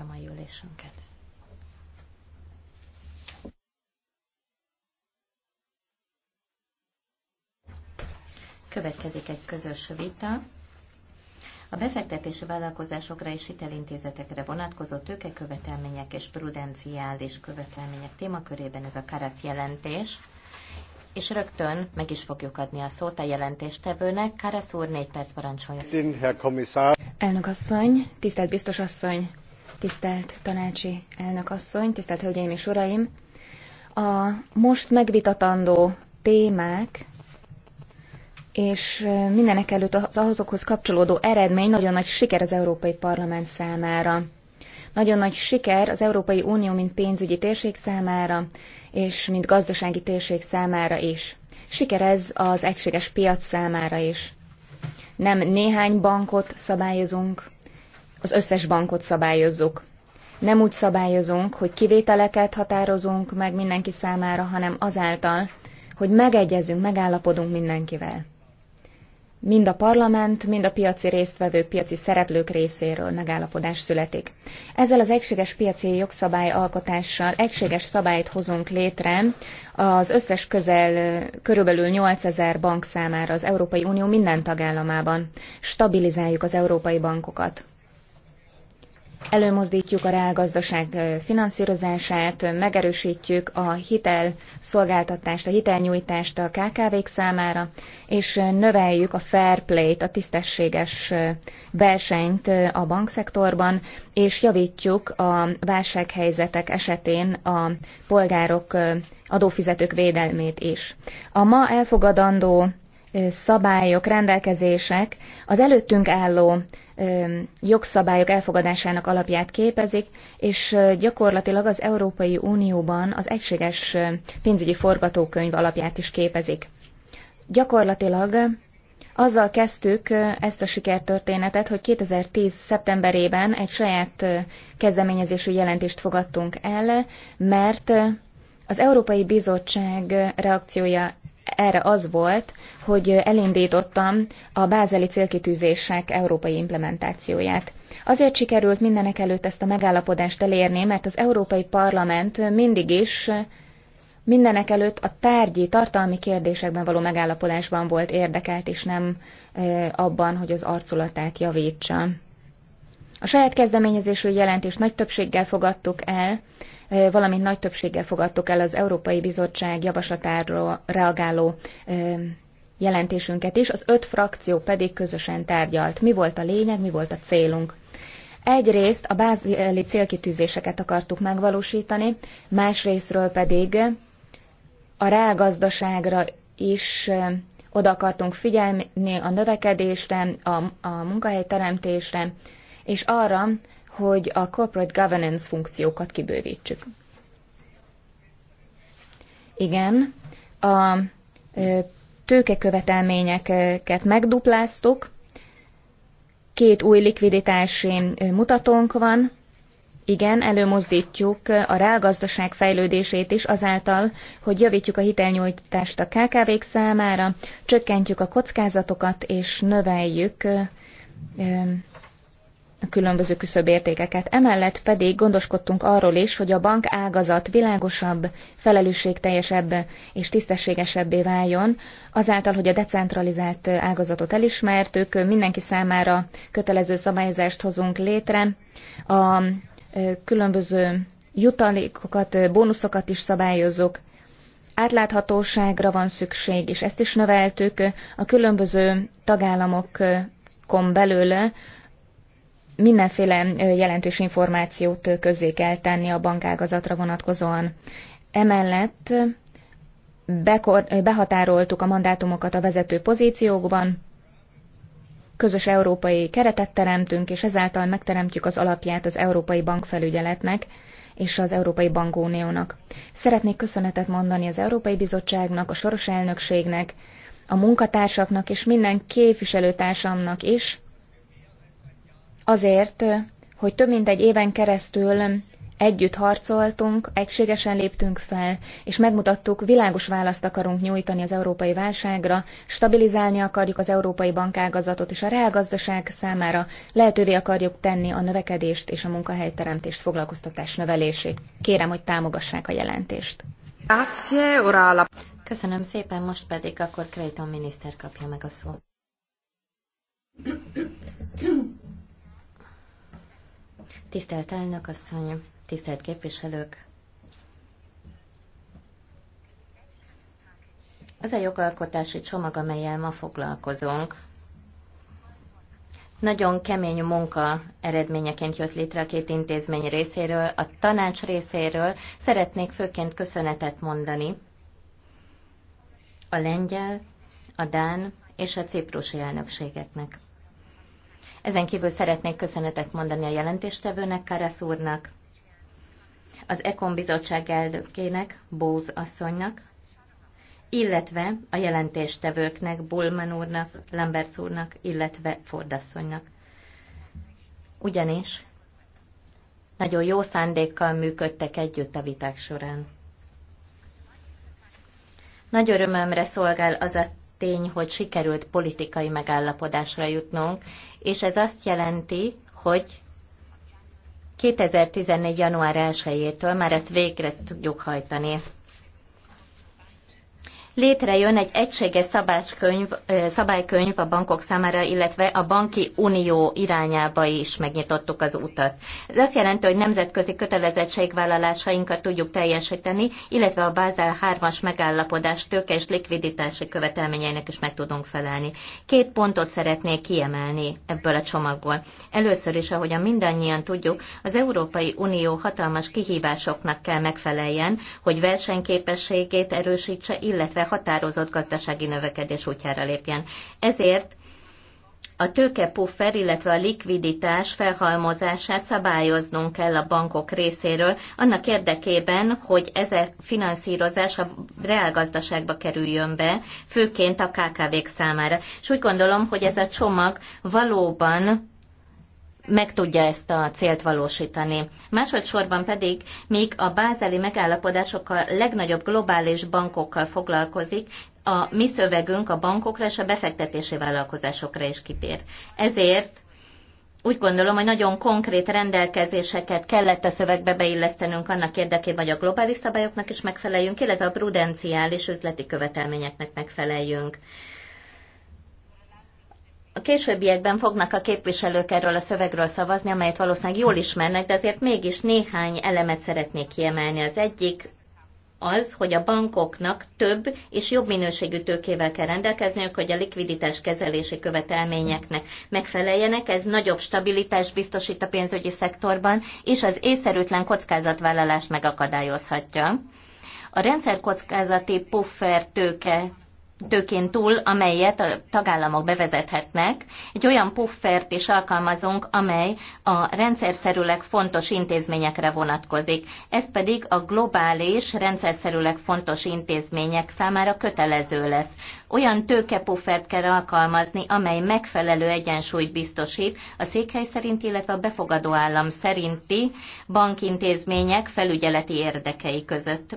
a mai ülésünket. Következik egy közös vita. A befektetési vállalkozásokra és hitelintézetekre vonatkozó tőkekövetelmények és prudenciális követelmények témakörében ez a Karasz jelentés. És rögtön meg is fogjuk adni a szót a jelentéstevőnek. Karasz úr, négy perc parancsolja. Elnök asszony, tisztelt biztos asszony, tisztelt tanácsi elnök asszony, tisztelt hölgyeim és uraim! A most megvitatandó témák és mindenek előtt az ahhozokhoz kapcsolódó eredmény nagyon nagy siker az Európai Parlament számára. Nagyon nagy siker az Európai Unió, mint pénzügyi térség számára, és mint gazdasági térség számára is. Siker ez az egységes piac számára is. Nem néhány bankot szabályozunk, az összes bankot szabályozzuk. Nem úgy szabályozunk, hogy kivételeket határozunk meg mindenki számára, hanem azáltal, hogy megegyezünk, megállapodunk mindenkivel. Mind a parlament, mind a piaci résztvevők, piaci szereplők részéről megállapodás születik. Ezzel az egységes piaci jogszabály alkotással egységes szabályt hozunk létre az összes közel körülbelül 8000 bank számára az Európai Unió minden tagállamában. Stabilizáljuk az európai bankokat előmozdítjuk a reálgazdaság finanszírozását, megerősítjük a hitel szolgáltatást, a hitelnyújtást a KKV-k számára, és növeljük a fair play-t, a tisztességes versenyt a bankszektorban, és javítjuk a válsághelyzetek esetén a polgárok adófizetők védelmét is. A ma elfogadandó szabályok, rendelkezések az előttünk álló jogszabályok elfogadásának alapját képezik, és gyakorlatilag az Európai Unióban az egységes pénzügyi forgatókönyv alapját is képezik. Gyakorlatilag azzal kezdtük ezt a sikertörténetet, hogy 2010. szeptemberében egy saját kezdeményezésű jelentést fogadtunk el, mert az Európai Bizottság reakciója erre az volt, hogy elindítottam a bázeli célkitűzések európai implementációját. Azért sikerült mindenek előtt ezt a megállapodást elérni, mert az Európai Parlament mindig is mindenek előtt a tárgyi, tartalmi kérdésekben való megállapodásban volt érdekelt, és nem abban, hogy az arculatát javítsa. A saját kezdeményezésű jelentést nagy többséggel fogadtuk el, valamint nagy többséggel fogadtuk el az Európai Bizottság javaslatáról reagáló jelentésünket is, az öt frakció pedig közösen tárgyalt. Mi volt a lényeg, mi volt a célunk? Egyrészt a bázeli célkitűzéseket akartuk megvalósítani, másrésztről pedig a reálgazdaságra is oda akartunk figyelni a növekedésre, a, a munkahelyteremtésre, és arra, hogy a corporate governance funkciókat kibővítsük. Igen, a tőkekövetelményeket megdupláztuk, két új likviditási mutatónk van, igen, előmozdítjuk a reálgazdaság fejlődését is azáltal, hogy javítjuk a hitelnyújtást a KKV-k számára, csökkentjük a kockázatokat és növeljük különböző küszöbértékeket. Emellett pedig gondoskodtunk arról is, hogy a bank ágazat világosabb, felelősségteljesebb és tisztességesebbé váljon, azáltal, hogy a decentralizált ágazatot elismertük, mindenki számára kötelező szabályozást hozunk létre, a különböző jutalékokat, bónuszokat is szabályozzuk, átláthatóságra van szükség, és ezt is növeltük a különböző tagállamokon belőle, mindenféle jelentős információt közzé kell tenni a bankágazatra vonatkozóan. Emellett bekor, behatároltuk a mandátumokat a vezető pozíciókban, közös európai keretet teremtünk, és ezáltal megteremtjük az alapját az Európai Bankfelügyeletnek és az Európai Bankuniónak. Szeretnék köszönetet mondani az Európai Bizottságnak, a soros elnökségnek, a munkatársaknak és minden képviselőtársamnak is, azért, hogy több mint egy éven keresztül együtt harcoltunk, egységesen léptünk fel, és megmutattuk, világos választ akarunk nyújtani az európai válságra, stabilizálni akarjuk az európai bankágazatot, és a reálgazdaság számára lehetővé akarjuk tenni a növekedést és a munkahelyteremtést, foglalkoztatás növelését. Kérem, hogy támogassák a jelentést. Köszönöm szépen, most pedig akkor Creighton miniszter kapja meg a szót. Tisztelt elnök asszony, tisztelt képviselők! az a jogalkotási csomag, amelyel ma foglalkozunk, nagyon kemény munka eredményeként jött létre a két intézmény részéről, a tanács részéről. Szeretnék főként köszönetet mondani a lengyel, a dán és a ciprusi elnökségeknek. Ezen kívül szeretnék köszönetet mondani a jelentéstevőnek, Karasz úrnak, az Ekon bizottság elnökének, Bóz asszonynak, illetve a jelentéstevőknek, Bulman úrnak, Lamberts úrnak, illetve Ford asszonynak. Ugyanis nagyon jó szándékkal működtek együtt a viták során. Nagy örömömre szolgál az a tény, hogy sikerült politikai megállapodásra jutnunk, és ez azt jelenti, hogy 2014. január 1-től már ezt végre tudjuk hajtani létrejön egy egységes szabálykönyv, szabálykönyv a bankok számára, illetve a banki unió irányába is megnyitottuk az utat. Ez azt jelenti, hogy nemzetközi kötelezettségvállalásainkat tudjuk teljesíteni, illetve a Bázel 3-as megállapodás tőke és likviditási követelményeinek is meg tudunk felelni. Két pontot szeretnék kiemelni ebből a csomagból. Először is, ahogyan mindannyian tudjuk, az Európai Unió hatalmas kihívásoknak kell megfeleljen, hogy versenyképességét erősítse, illetve határozott gazdasági növekedés útjára lépjen. Ezért a puffer, illetve a likviditás felhalmozását szabályoznunk kell a bankok részéről, annak érdekében, hogy ezek finanszírozás a reálgazdaságba kerüljön be, főként a KKV-k számára. És úgy gondolom, hogy ez a csomag valóban meg tudja ezt a célt valósítani. Másodszorban pedig, míg a bázeli megállapodások a legnagyobb globális bankokkal foglalkozik, a mi szövegünk a bankokra és a befektetési vállalkozásokra is kipér. Ezért úgy gondolom, hogy nagyon konkrét rendelkezéseket kellett a szövegbe beillesztenünk annak érdekében, hogy a globális szabályoknak is megfeleljünk, illetve a prudenciális üzleti követelményeknek megfeleljünk a későbbiekben fognak a képviselők erről a szövegről szavazni, amelyet valószínűleg jól ismernek, de azért mégis néhány elemet szeretnék kiemelni. Az egyik az, hogy a bankoknak több és jobb minőségű tőkével kell rendelkezniük, hogy a likviditás kezelési követelményeknek megfeleljenek. Ez nagyobb stabilitást biztosít a pénzügyi szektorban, és az észszerűtlen kockázatvállalást megakadályozhatja. A rendszerkockázati puffer tőke tőkén túl, amelyet a tagállamok bevezethetnek, egy olyan puffert is alkalmazunk, amely a rendszerszerűleg fontos intézményekre vonatkozik. Ez pedig a globális rendszerszerűleg fontos intézmények számára kötelező lesz. Olyan tőkepuffert kell alkalmazni, amely megfelelő egyensúlyt biztosít a székhely szerint, illetve a befogadó állam szerinti bankintézmények felügyeleti érdekei között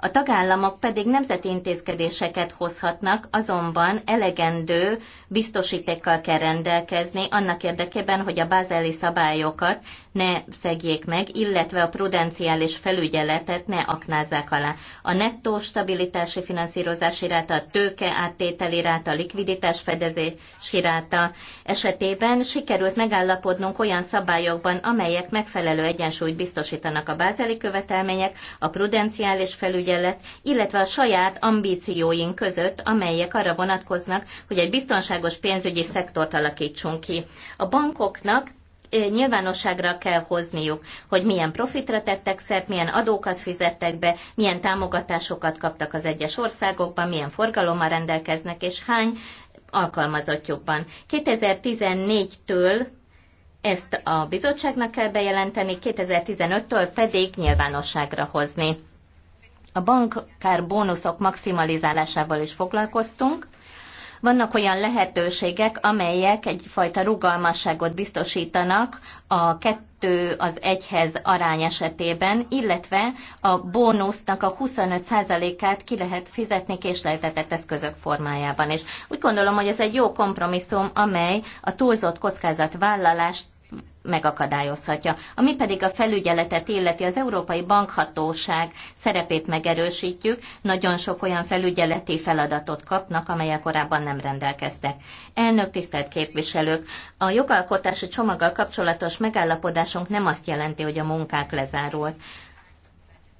a tagállamok pedig nemzeti intézkedéseket hozhatnak, azonban elegendő biztosítékkal kell rendelkezni annak érdekében, hogy a bázeli szabályokat ne szegjék meg, illetve a prudenciális felügyeletet ne aknázzák alá. A nettó stabilitási finanszírozási ráta, a tőke áttételi ráta, a likviditás fedezési ráta esetében sikerült megállapodnunk olyan szabályokban, amelyek megfelelő egyensúlyt biztosítanak a bázeli követelmények, a prudenciális felügyelet, illetve a saját ambícióink között, amelyek arra vonatkoznak, hogy egy biztonságos pénzügyi szektort alakítsunk ki. A bankoknak nyilvánosságra kell hozniuk, hogy milyen profitra tettek szert, milyen adókat fizettek be, milyen támogatásokat kaptak az egyes országokban, milyen forgalommal rendelkeznek, és hány alkalmazottjukban. 2014-től ezt a bizottságnak kell bejelenteni, 2015-től pedig nyilvánosságra hozni. A bankkár bónuszok maximalizálásával is foglalkoztunk. Vannak olyan lehetőségek, amelyek egyfajta rugalmasságot biztosítanak a kettő az egyhez arány esetében, illetve a bónusznak a 25%-át ki lehet fizetni késleltetett eszközök formájában. És úgy gondolom, hogy ez egy jó kompromisszum, amely a túlzott kockázatvállalást megakadályozhatja. Ami pedig a felügyeletet illeti, az Európai Bankhatóság szerepét megerősítjük, nagyon sok olyan felügyeleti feladatot kapnak, amelyek korábban nem rendelkeztek. Elnök, tisztelt képviselők, a jogalkotási csomaggal kapcsolatos megállapodásunk nem azt jelenti, hogy a munkák lezárult.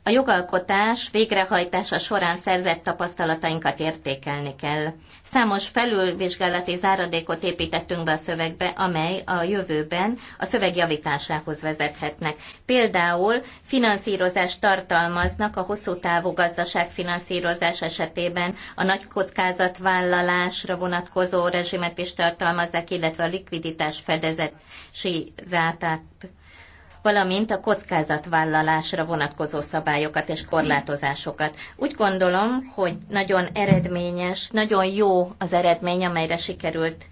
A jogalkotás végrehajtása során szerzett tapasztalatainkat értékelni kell. Számos felülvizsgálati záradékot építettünk be a szövegbe, amely a jövőben a szöveg javításához vezethetnek. Például finanszírozást tartalmaznak a hosszú távú gazdaságfinanszírozás esetében, a nagy kockázatvállalásra vonatkozó rezsimet is tartalmazzák, illetve a likviditás fedezetsi rátát valamint a kockázatvállalásra vonatkozó szabályokat és korlátozásokat. Úgy gondolom, hogy nagyon eredményes, nagyon jó az eredmény, amelyre sikerült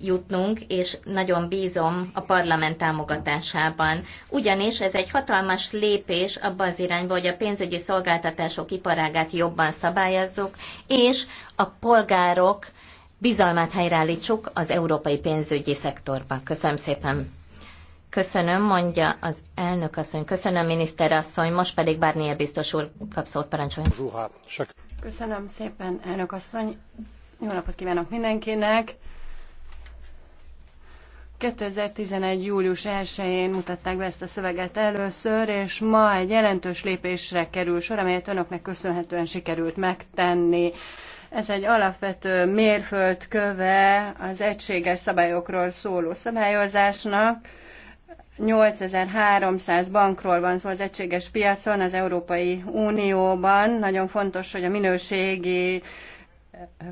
jutnunk, és nagyon bízom a parlament támogatásában. Ugyanis ez egy hatalmas lépés abba az irányba, hogy a pénzügyi szolgáltatások iparágát jobban szabályozzuk, és a polgárok bizalmát helyreállítsuk az európai pénzügyi szektorban. Köszönöm szépen! Köszönöm, mondja az elnök asszony. Köszönöm, miniszter asszony. Most pedig Barnier biztos úr kap szót, parancsoljon. Köszönöm szépen, elnök asszony. Jó napot kívánok mindenkinek. 2011. július 1-én mutatták be ezt a szöveget először, és ma egy jelentős lépésre kerül sor, amelyet önöknek köszönhetően sikerült megtenni. Ez egy alapvető mérföldköve az egységes szabályokról szóló szabályozásnak, 8300 bankról van szó az egységes piacon, az Európai Unióban. Nagyon fontos, hogy a minőségi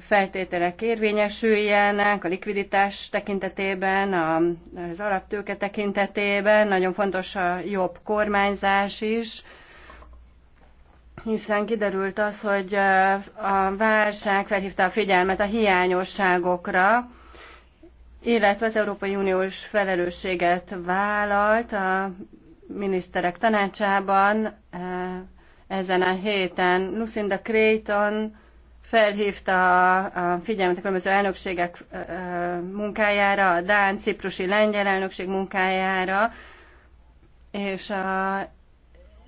feltételek érvényesüljenek a likviditás tekintetében, az alaptőke tekintetében. Nagyon fontos a jobb kormányzás is hiszen kiderült az, hogy a válság felhívta a figyelmet a hiányosságokra, illetve az Európai Uniós felelősséget vállalt a miniszterek tanácsában eh, ezen a héten. Lucinda Creighton felhívta a figyelmet a különböző elnökségek eh, munkájára, a Dán, Ciprusi, Lengyel elnökség munkájára, és a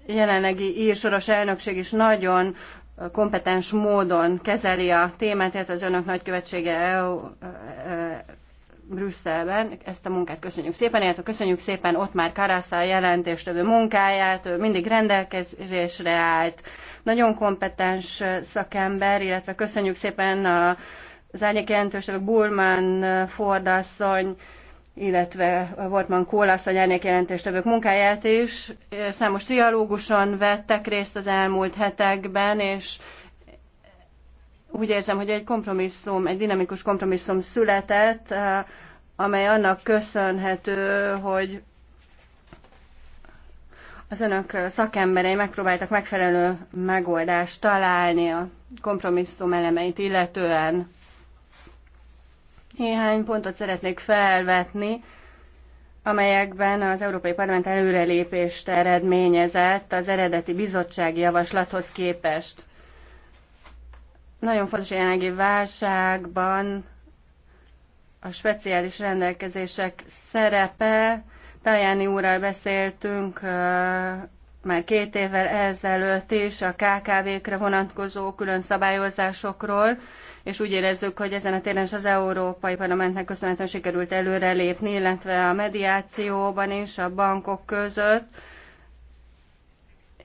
jelenlegi írsoros elnökség is nagyon kompetens módon kezeli a témát, tehát az önök nagykövetsége e eh, Brüsszelben ezt a munkát köszönjük szépen, illetve köszönjük szépen ott már Karászál jelentéstevő munkáját, ő mindig rendelkezésre állt, nagyon kompetens szakember, illetve köszönjük szépen a, az árnyék jelentőstevők Burman, Fordasszony, illetve Wortman a árnyék jelentéstevők munkáját is. Számos trialóguson vettek részt az elmúlt hetekben, és úgy érzem, hogy egy kompromisszum, egy dinamikus kompromisszum született, eh, amely annak köszönhető, hogy az önök szakemberei megpróbáltak megfelelő megoldást találni a kompromisszum elemeit illetően. Néhány pontot szeretnék felvetni, amelyekben az Európai Parlament előrelépést eredményezett az eredeti bizottsági javaslathoz képest. Nagyon fontos, hogy jelenlegi válságban a speciális rendelkezések szerepe. Tajáni úrral beszéltünk már két évvel ezelőtt is a KKV-kre vonatkozó külön szabályozásokról, és úgy érezzük, hogy ezen a téren is az Európai Parlamentnek köszönhetően sikerült előrelépni, illetve a mediációban is a bankok között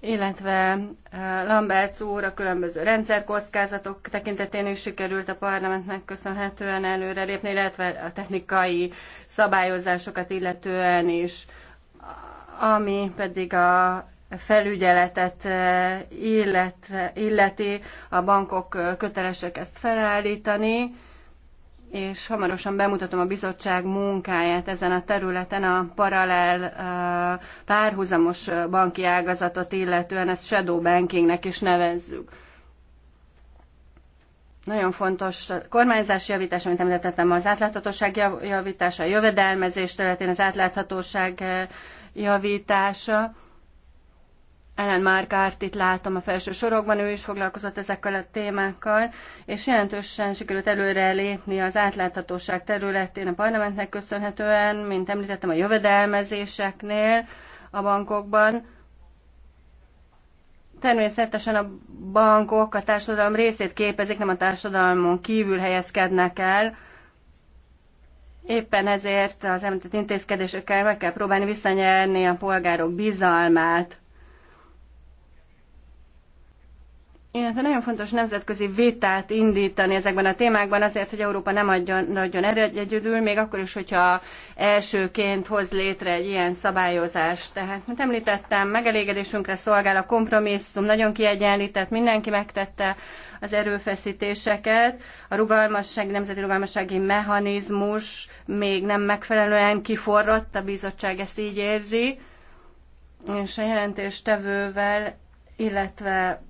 illetve eh, Lamberts úr a különböző rendszerkockázatok tekintetén is sikerült a parlamentnek köszönhetően előrelépni, illetve a technikai szabályozásokat illetően is, ami pedig a felügyeletet eh, illet, illeti, a bankok eh, kötelesek ezt felállítani, és hamarosan bemutatom a bizottság munkáját ezen a területen a paralel párhuzamos banki ágazatot illetően, ezt shadow bankingnek is nevezzük. Nagyon fontos kormányzási javítás, amit említettem, az átláthatóság javítása, a jövedelmezés területén az átláthatóság javítása ellen Márkárt itt látom a felső sorokban, ő is foglalkozott ezekkel a témákkal, és jelentősen sikerült előre lépni az átláthatóság területén a parlamentnek köszönhetően, mint említettem a jövedelmezéseknél a bankokban. Természetesen a bankok a társadalom részét képezik, nem a társadalmon kívül helyezkednek el, Éppen ezért az említett intézkedésekkel meg kell próbálni visszanyerni a polgárok bizalmát. illetve nagyon fontos nemzetközi vitát indítani ezekben a témákban azért, hogy Európa nem adjon, nagyon egyedül, még akkor is, hogyha elsőként hoz létre egy ilyen szabályozást. Tehát, mint említettem, megelégedésünkre szolgál a kompromisszum, nagyon kiegyenlített, mindenki megtette az erőfeszítéseket, a rugalmasság, nemzeti rugalmassági mechanizmus még nem megfelelően kiforrott, a bizottság ezt így érzi, és a jelentéstevővel illetve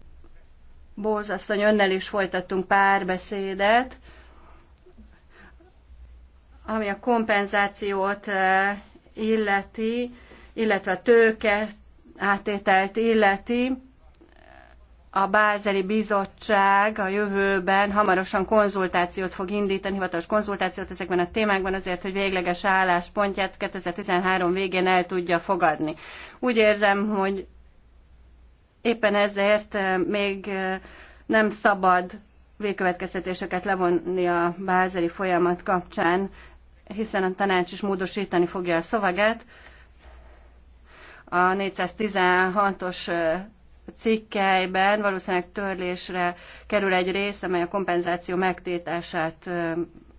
Bóz asszony, önnel is folytattunk párbeszédet, ami a kompenzációt eh, illeti, illetve a tőke átételt illeti. A Bázeli Bizottság a jövőben hamarosan konzultációt fog indítani, hivatalos konzultációt ezekben a témákban azért, hogy végleges álláspontját 2013 végén el tudja fogadni. Úgy érzem, hogy Éppen ezért még nem szabad végkövetkeztetéseket levonni a bázeli folyamat kapcsán, hiszen a tanács is módosítani fogja a szöveget. A 416-os cikkelyben valószínűleg törlésre kerül egy rész, amely a kompenzáció megtétását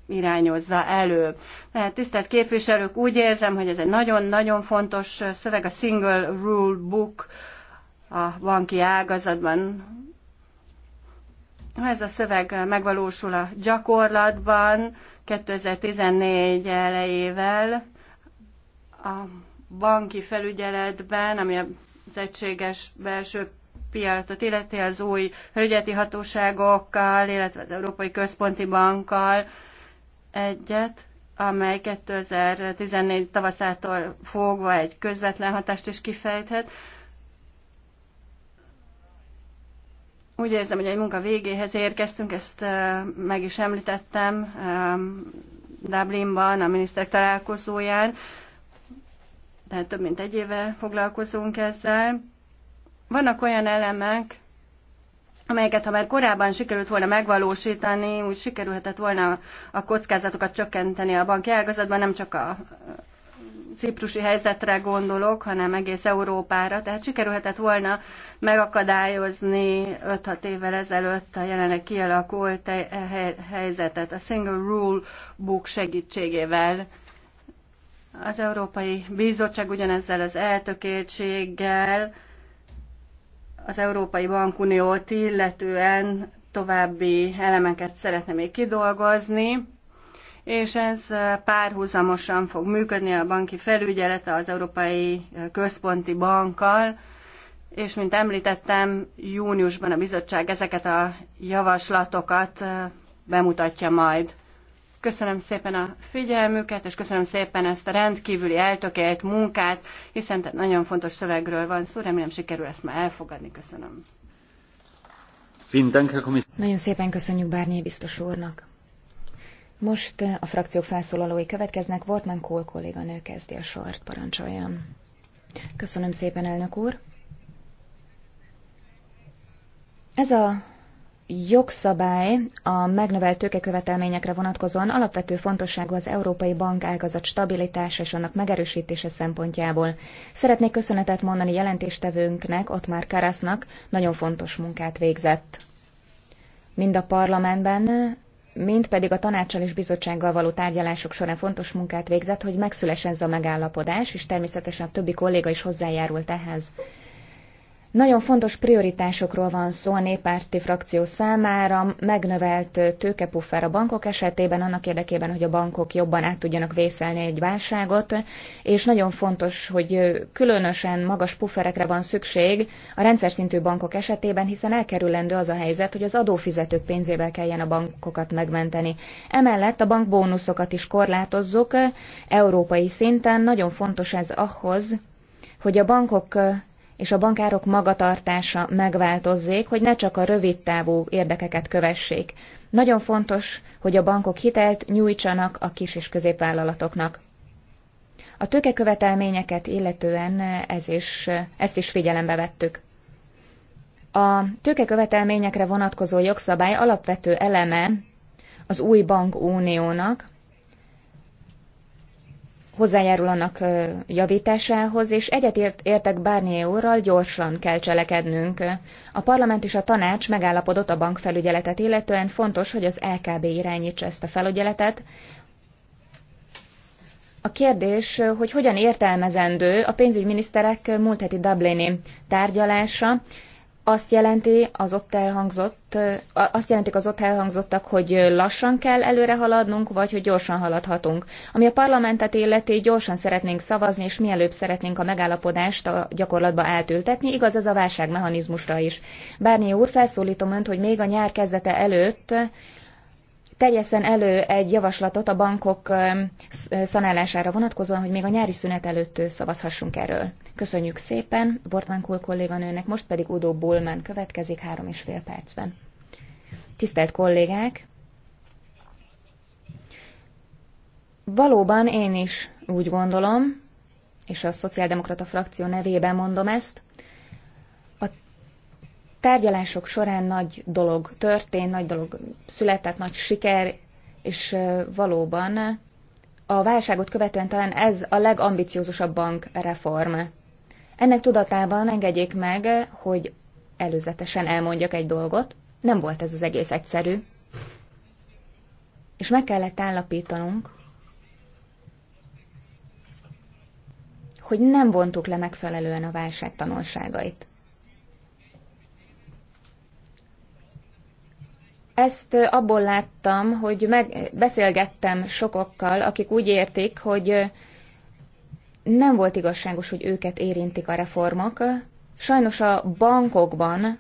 irányozza elő. Tehát tisztelt képviselők, úgy érzem, hogy ez egy nagyon-nagyon fontos szöveg, a Single Rule Book a banki ágazatban. ez a szöveg megvalósul a gyakorlatban, 2014 elejével a banki felügyeletben, ami az egységes belső piacot illeti az új felügyeleti hatóságokkal, illetve az Európai Központi Bankkal egyet, amely 2014 tavaszától fogva egy közvetlen hatást is kifejthet. Úgy érzem, hogy egy munka végéhez érkeztünk, ezt meg is említettem Dublinban, a miniszterek találkozóján, tehát több mint egy éve foglalkozunk ezzel. Vannak olyan elemek, amelyeket, ha már korábban sikerült volna megvalósítani, úgy sikerülhetett volna a kockázatokat csökkenteni a banki ágazatban, nem csak a ciprusi helyzetre gondolok, hanem egész Európára. Tehát sikerülhetett volna megakadályozni 5-6 évvel ezelőtt a jelenleg kialakult helyzetet a Single Rule Book segítségével. Az Európai Bizottság ugyanezzel az eltökéltséggel az Európai Bankuniót illetően további elemeket szeretne még kidolgozni és ez párhuzamosan fog működni a banki felügyelete az Európai Központi Bankkal, és mint említettem, júniusban a bizottság ezeket a javaslatokat bemutatja majd. Köszönöm szépen a figyelmüket, és köszönöm szépen ezt a rendkívüli eltökélt munkát, hiszen nagyon fontos szövegről van szó, remélem sikerül ezt már elfogadni. Köszönöm. Nagyon szépen köszönjük Bárnyé biztos úrnak. Most eh, a frakciók felszólalói következnek. Wortmann Kohl kolléganő kezdi a sort. Parancsoljon. Köszönöm szépen, elnök úr. Ez a jogszabály a megnövelt tőkekövetelményekre vonatkozóan alapvető fontosságú az Európai Bank ágazat stabilitása és annak megerősítése szempontjából. Szeretnék köszönetet mondani jelentéstevőnknek, Ottmar Karasznak, nagyon fontos munkát végzett. Mind a parlamentben, mint pedig a tanácssal és bizottsággal való tárgyalások során fontos munkát végzett, hogy megszülessen ez a megállapodás, és természetesen a többi kolléga is hozzájárult ehhez. Nagyon fontos prioritásokról van szó a néppárti frakció számára, megnövelt tőkepuffer a bankok esetében, annak érdekében, hogy a bankok jobban át tudjanak vészelni egy válságot, és nagyon fontos, hogy különösen magas pufferekre van szükség a rendszer szintű bankok esetében, hiszen elkerülendő az a helyzet, hogy az adófizetők pénzével kelljen a bankokat megmenteni. Emellett a bankbónuszokat is korlátozzuk európai szinten, nagyon fontos ez ahhoz, hogy a bankok és a bankárok magatartása megváltozzék, hogy ne csak a rövid távú érdekeket kövessék. Nagyon fontos, hogy a bankok hitelt nyújtsanak a kis és középvállalatoknak. A tőkekövetelményeket illetően ez is, ezt is figyelembe vettük. A tőkekövetelményekre vonatkozó jogszabály alapvető eleme az új bankuniónak, hozzájárul annak javításához, és egyetért értek Barnier úrral, gyorsan kell cselekednünk. A parlament és a tanács megállapodott a bankfelügyeletet, illetően fontos, hogy az LKB irányítsa ezt a felügyeletet. A kérdés, hogy hogyan értelmezendő a pénzügyminiszterek múlt heti Dublini tárgyalása, azt jelenti az ott elhangzott, azt jelentik az ott elhangzottak, hogy lassan kell előre haladnunk, vagy hogy gyorsan haladhatunk. Ami a parlamentet illeti, gyorsan szeretnénk szavazni, és mielőbb szeretnénk a megállapodást a gyakorlatba eltültetni, igaz ez a válságmechanizmusra is. Bárnyi úr, felszólítom önt, hogy még a nyár kezdete előtt terjeszen elő egy javaslatot a bankok szanálására vonatkozóan, hogy még a nyári szünet előtt szavazhassunk erről. Köszönjük szépen Bortman Kul kolléganőnek, most pedig Udo Bullman következik három és fél percben. Tisztelt kollégák! Valóban én is úgy gondolom, és a szociáldemokrata frakció nevében mondom ezt, tárgyalások során nagy dolog történt, nagy dolog született, nagy siker, és valóban a válságot követően talán ez a legambiciózusabb reform. Ennek tudatában engedjék meg, hogy előzetesen elmondjak egy dolgot. Nem volt ez az egész egyszerű. És meg kellett állapítanunk, hogy nem vontuk le megfelelően a válság tanulságait. Ezt abból láttam, hogy meg, beszélgettem sokokkal, akik úgy értik, hogy nem volt igazságos, hogy őket érintik a reformok. Sajnos a bankokban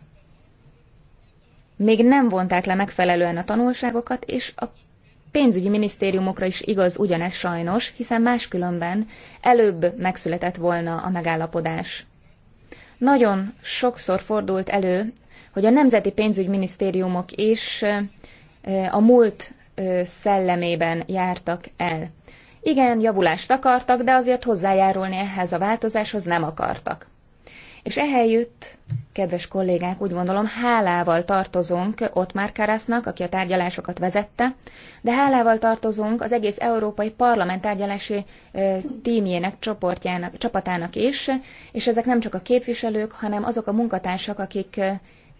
még nem vonták le megfelelően a tanulságokat, és a pénzügyi minisztériumokra is igaz ugyanez sajnos, hiszen máskülönben előbb megszületett volna a megállapodás. Nagyon sokszor fordult elő hogy a nemzeti pénzügyminisztériumok is a múlt szellemében jártak el. Igen, javulást akartak, de azért hozzájárulni ehhez a változáshoz nem akartak. És ehelyütt, kedves kollégák, úgy gondolom, hálával tartozunk Ottmar Karasznak, aki a tárgyalásokat vezette, de hálával tartozunk az egész Európai Parlament tárgyalási tímjének, csoportjának, csapatának is, és ezek nem csak a képviselők, hanem azok a munkatársak, akik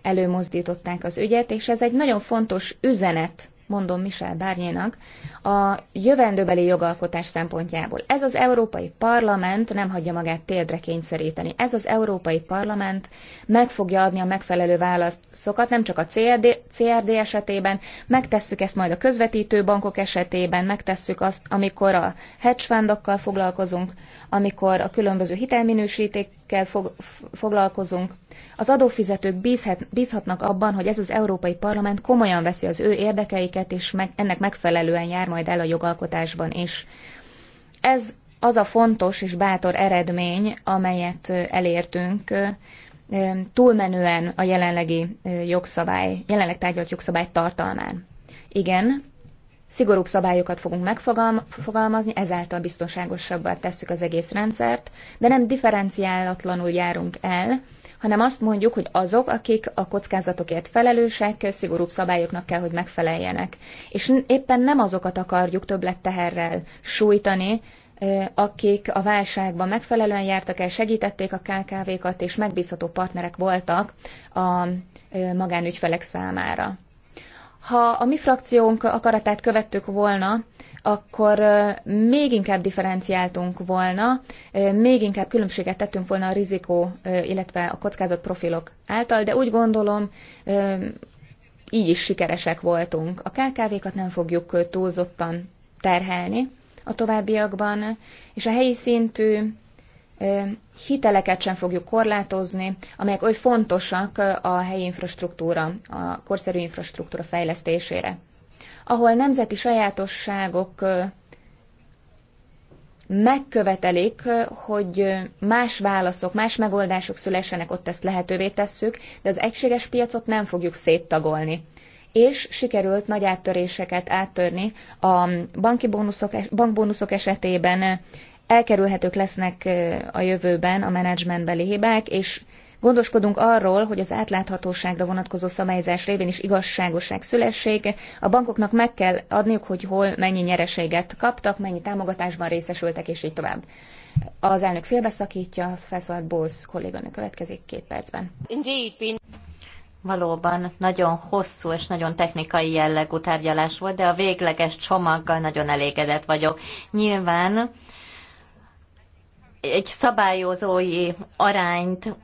előmozdították az ügyet, és ez egy nagyon fontos üzenet, mondom Michel Bárnyénak, a jövendőbeli jogalkotás szempontjából. Ez az Európai Parlament nem hagyja magát téldre kényszeríteni. Ez az Európai Parlament meg fogja adni a megfelelő válaszokat, nem csak a CRD, CRD esetében, megtesszük ezt majd a közvetítő bankok esetében, megtesszük azt, amikor a hedge fundokkal foglalkozunk, amikor a különböző hitelminősítékkel fog, foglalkozunk. Az adófizetők bízhet, bízhatnak abban, hogy ez az Európai Parlament komolyan veszi az ő érdekeiket, és meg, ennek megfelelően jár majd el a jogalkotásban is. Ez az a fontos és bátor eredmény, amelyet elértünk, túlmenően a jelenlegi jogszabály, jelenleg tárgyalt jogszabály tartalmán. Igen, Szigorúbb szabályokat fogunk megfogalmazni, ezáltal biztonságosabbá tesszük az egész rendszert, de nem differenciálatlanul járunk el, hanem azt mondjuk, hogy azok, akik a kockázatokért felelősek, szigorúbb szabályoknak kell, hogy megfeleljenek. És éppen nem azokat akarjuk teherrel sújtani, akik a válságban megfelelően jártak el, segítették a KKV-kat, és megbízható partnerek voltak a magánügyfelek számára. Ha a mi frakciónk akaratát követtük volna, akkor még inkább differenciáltunk volna, még inkább különbséget tettünk volna a rizikó, illetve a kockázat profilok által, de úgy gondolom, így is sikeresek voltunk. A KKV-kat nem fogjuk túlzottan terhelni a továbbiakban, és a helyi szintű hiteleket sem fogjuk korlátozni, amelyek oly fontosak a helyi infrastruktúra, a korszerű infrastruktúra fejlesztésére. Ahol nemzeti sajátosságok megkövetelik, hogy más válaszok, más megoldások szülessenek, ott ezt lehetővé tesszük, de az egységes piacot nem fogjuk széttagolni. És sikerült nagy áttöréseket áttörni a banki bónuszok, bankbónuszok esetében, elkerülhetők lesznek a jövőben a menedzsmentbeli hibák, és Gondoskodunk arról, hogy az átláthatóságra vonatkozó szabályzás révén is igazságosság szülessége. A bankoknak meg kell adniuk, hogy hol mennyi nyereséget kaptak, mennyi támogatásban részesültek, és így tovább. Az elnök félbeszakítja, felszólalt Bósz kolléganő következik két percben. Valóban nagyon hosszú és nagyon technikai jellegű tárgyalás volt, de a végleges csomaggal nagyon elégedett vagyok. Nyilván egy szabályozói arányt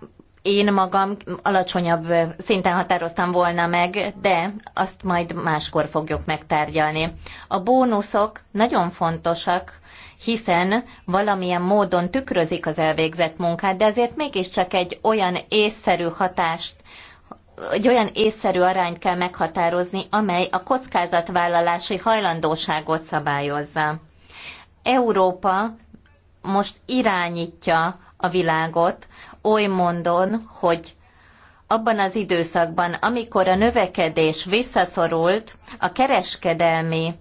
én magam alacsonyabb szinten határoztam volna meg, de azt majd máskor fogjuk megtárgyalni. A bónuszok nagyon fontosak, hiszen valamilyen módon tükrözik az elvégzett munkát, de azért mégiscsak egy olyan észszerű hatást egy olyan észszerű arányt kell meghatározni, amely a kockázatvállalási hajlandóságot szabályozza. Európa most irányítja a világot oly mondon, hogy abban az időszakban, amikor a növekedés visszaszorult, a kereskedelmi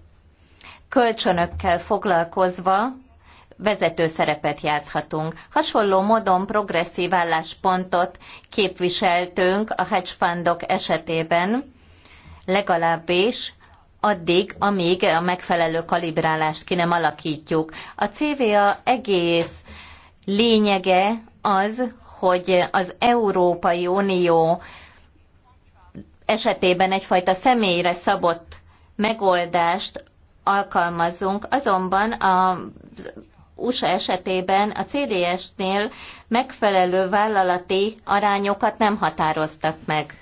kölcsönökkel foglalkozva vezető szerepet játszhatunk. Hasonló módon progresszív álláspontot képviseltünk a hedge fundok esetében, legalábbis addig, amíg a megfelelő kalibrálást ki nem alakítjuk. A CVA egész lényege az, hogy az Európai Unió esetében egyfajta személyre szabott megoldást alkalmazzunk, azonban a USA esetében a CDS-nél megfelelő vállalati arányokat nem határoztak meg.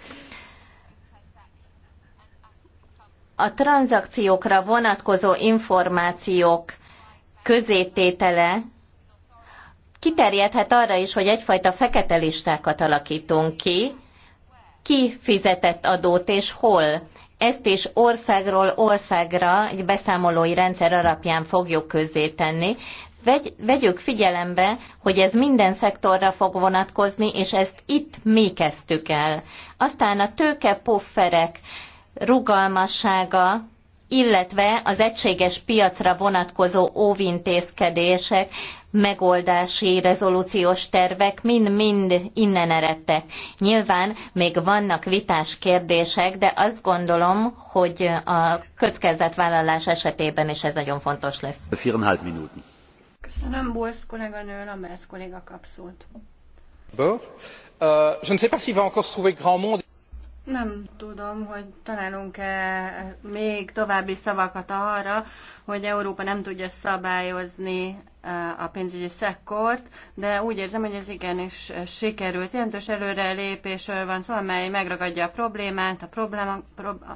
a tranzakciókra vonatkozó információk közététele kiterjedhet arra is, hogy egyfajta fekete listákat alakítunk ki, ki fizetett adót és hol. Ezt is országról országra egy beszámolói rendszer alapján fogjuk közzétenni. Vegy, vegyük figyelembe, hogy ez minden szektorra fog vonatkozni, és ezt itt mi kezdtük el. Aztán a tőkepufferek, pufferek, rugalmassága, illetve az egységes piacra vonatkozó óvintézkedések, megoldási rezolúciós tervek mind-mind innen eredtek. Nyilván még vannak vitás kérdések, de azt gondolom, hogy a kockázatvállalás esetében is ez nagyon fontos lesz. Köszönöm, Bolsz kolléganő, Lamberts kolléga kap Bon. Uh, je ne sais pas s'il va encore se trouver grand monde. Nem tudom, hogy találunk-e még további szavakat arra, hogy Európa nem tudja szabályozni eh, a pénzügyi szekkort, de úgy érzem, hogy ez igenis eh, sikerült. Jelentős előrelépésről van szó, amely megragadja a problémát, a, probléma,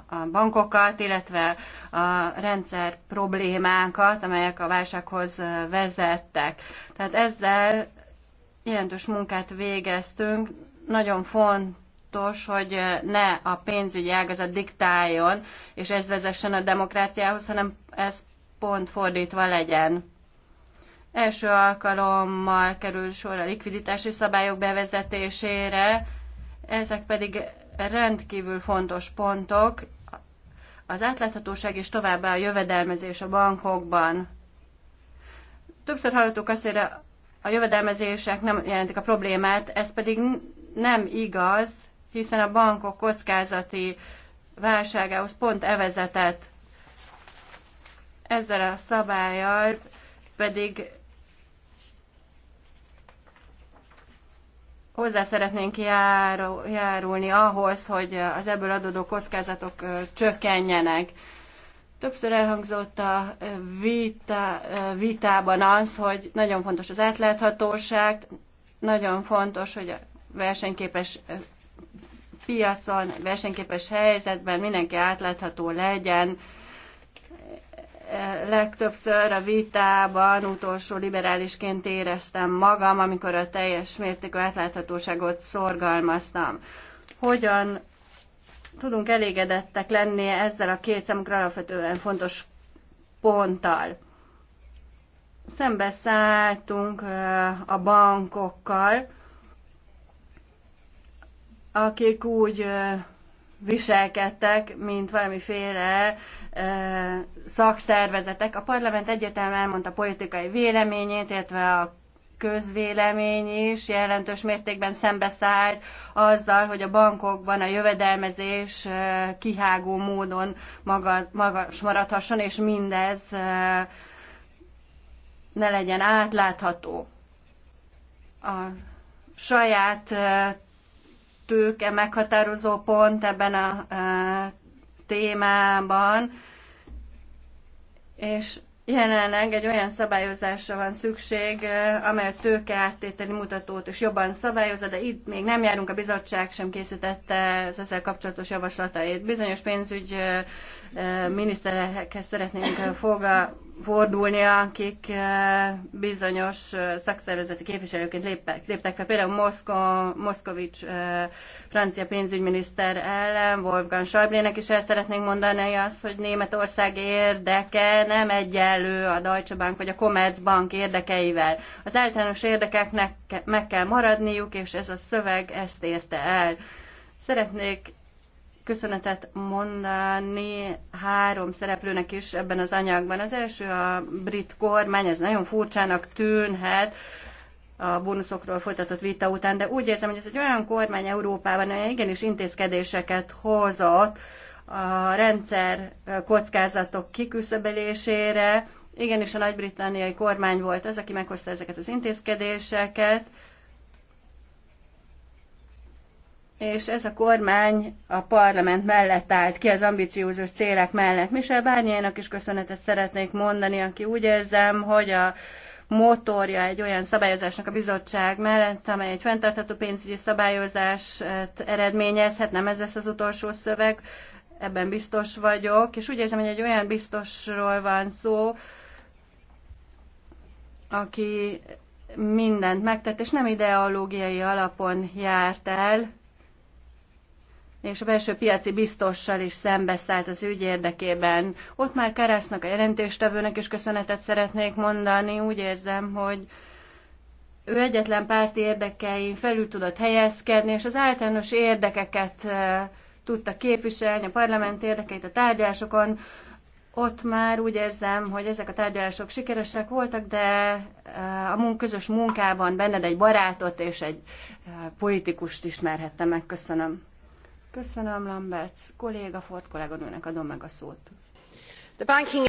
a bankokat, illetve a rendszer problémákat, amelyek a válsághoz eh, vezettek. Tehát ezzel jelentős munkát végeztünk, nagyon font fontos, hogy eh, ne a pénzügyi ágazat diktáljon, és ez vezessen a demokráciához, hanem ez pont fordítva legyen. Első alkalommal kerül sor a likviditási szabályok bevezetésére, ezek pedig rendkívül fontos pontok, az átláthatóság és továbbá a jövedelmezés a bankokban. Többször hallottuk azt, hogy a jövedelmezések nem jelentik a problémát, ez pedig nem igaz, hiszen a bankok kockázati válságához pont evezetett. Ezzel a szabályjal, pedig hozzá szeretnénk járulni ahhoz, hogy az ebből adódó kockázatok csökkenjenek. Többször elhangzott a vita, vitában az, hogy nagyon fontos az átláthatóság, nagyon fontos, hogy a versenyképes piacon, versenyképes helyzetben mindenki átlátható legyen. Legtöbbször a vitában utolsó liberálisként éreztem magam, amikor a teljes mértékű átláthatóságot szorgalmaztam. Hogyan tudunk elégedettek lenni ezzel a két számukra alapvetően fontos ponttal? Szembeszálltunk a bankokkal, akik úgy viselkedtek, mint valamiféle ö, szakszervezetek. A parlament egyetem elmondta politikai véleményét, illetve a közvélemény is jelentős mértékben szembeszállt azzal, hogy a bankokban a jövedelmezés kihágó módon maga, magas maradhasson, és mindez ne legyen átlátható. A saját tőke meghatározó pont ebben a témában, és jelenleg egy olyan szabályozásra van szükség, amely a tőke áttételi mutatót is jobban szabályozza, de itt még nem járunk, a bizottság sem készítette az ezzel kapcsolatos javaslatait. Bizonyos pénzügy miniszterekhez szeretnénk foga, fordulni, akik bizonyos szakszervezeti képviselőként léptek, léptek fel. Például Moszko, Moszkovics francia pénzügyminiszter ellen, Wolfgang Schäublének is el szeretnénk mondani azt, hogy Németország érdeke nem egyenlő a Deutsche Bank vagy a Commerzbank érdekeivel. Az általános érdekeknek meg kell maradniuk, és ez a szöveg ezt érte el. Szeretnék köszönetet mondani három szereplőnek is ebben az anyagban. Az első a brit kormány, ez nagyon furcsának tűnhet, a bónuszokról folytatott vita után, de úgy érzem, hogy ez egy olyan kormány Európában, amely igenis intézkedéseket hozott a rendszer kockázatok kiküszöbölésére. Igenis a nagy-britanniai kormány volt az, aki meghozta ezeket az intézkedéseket, és ez a kormány a parlament mellett állt ki az ambiciózus célek mellett. Michel Bárnyának is köszönetet szeretnék mondani, aki úgy érzem, hogy a motorja egy olyan szabályozásnak a bizottság mellett, amely egy fenntartható pénzügyi szabályozást eredményezhet, nem ez lesz az utolsó szöveg, ebben biztos vagyok, és úgy érzem, hogy egy olyan biztosról van szó, aki mindent megtett, és nem ideológiai alapon járt el, és a belső piaci biztossal is szembeszállt az ügy érdekében. Ott már Karásznak, a jelentéstevőnek is köszönetet szeretnék mondani. Úgy érzem, hogy ő egyetlen párti érdekein felül tudott helyezkedni, és az általános érdekeket eh, tudta képviselni, a parlament érdekeit a tárgyalásokon. Ott már úgy érzem, hogy ezek a tárgyalások sikeresek voltak, de eh, a munk közös munkában benned egy barátot és egy eh, politikust ismerhettem meg. Köszönöm. Köszönöm, Lamberts kolléga, Ford kolléganőnek adom meg a szót. The banking...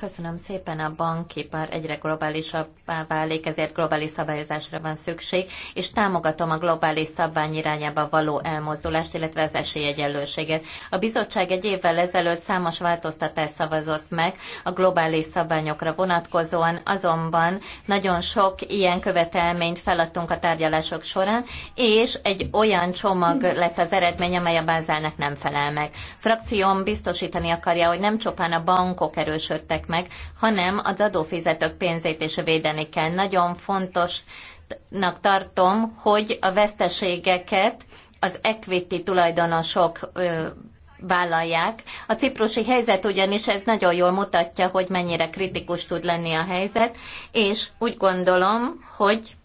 Köszönöm szépen, a bankipar egyre globálisabbá válik, ezért globális szabályozásra van szükség, és támogatom a globális szabvány irányába való elmozdulást, illetve az esélyegyenlőséget. A bizottság egy évvel ezelőtt számos változtatást szavazott meg a globális szabványokra vonatkozóan, azonban nagyon sok ilyen követelményt feladtunk a tárgyalások során, és egy olyan csomag lett az eredmény, amely a bázának nem felel meg. Frakcióm biztosítani akarja, hogy nem csupán a bankok erősödtek meg, hanem az adófizetők pénzét is védeni kell. Nagyon fontosnak tartom, hogy a veszteségeket az equity tulajdonosok vállalják. A ciprusi helyzet ugyanis ez nagyon jól mutatja, hogy mennyire kritikus tud lenni a helyzet, és úgy gondolom, hogy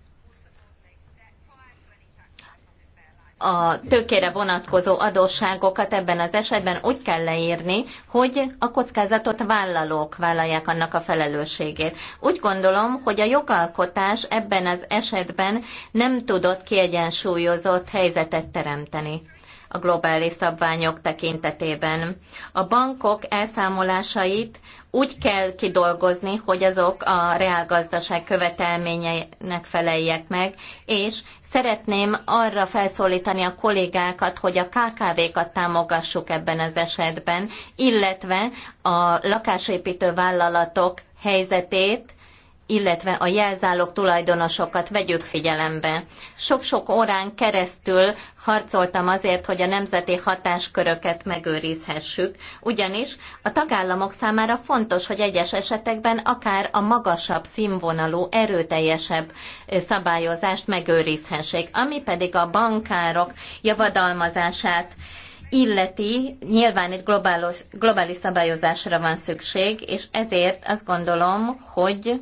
a tőkére vonatkozó adósságokat ebben az esetben úgy kell leírni, hogy a kockázatot vállalók vállalják annak a felelősségét. Úgy gondolom, hogy a jogalkotás ebben az esetben nem tudott kiegyensúlyozott helyzetet teremteni a globális szabványok tekintetében. A bankok elszámolásait úgy kell kidolgozni, hogy azok a reálgazdaság követelményeinek feleljek meg, és Szeretném arra felszólítani a kollégákat, hogy a KKV-kat támogassuk ebben az esetben, illetve a lakásépítő vállalatok helyzetét, illetve a jelzálog tulajdonosokat vegyük figyelembe. Sok-sok órán keresztül harcoltam azért, hogy a nemzeti hatásköröket megőrizhessük, ugyanis a tagállamok számára fontos, hogy egyes esetekben akár a magasabb színvonalú, erőteljesebb szabályozást megőrizhessék, ami pedig a bankárok javadalmazását illeti, nyilván itt globális, globális szabályozásra van szükség, és ezért azt gondolom, hogy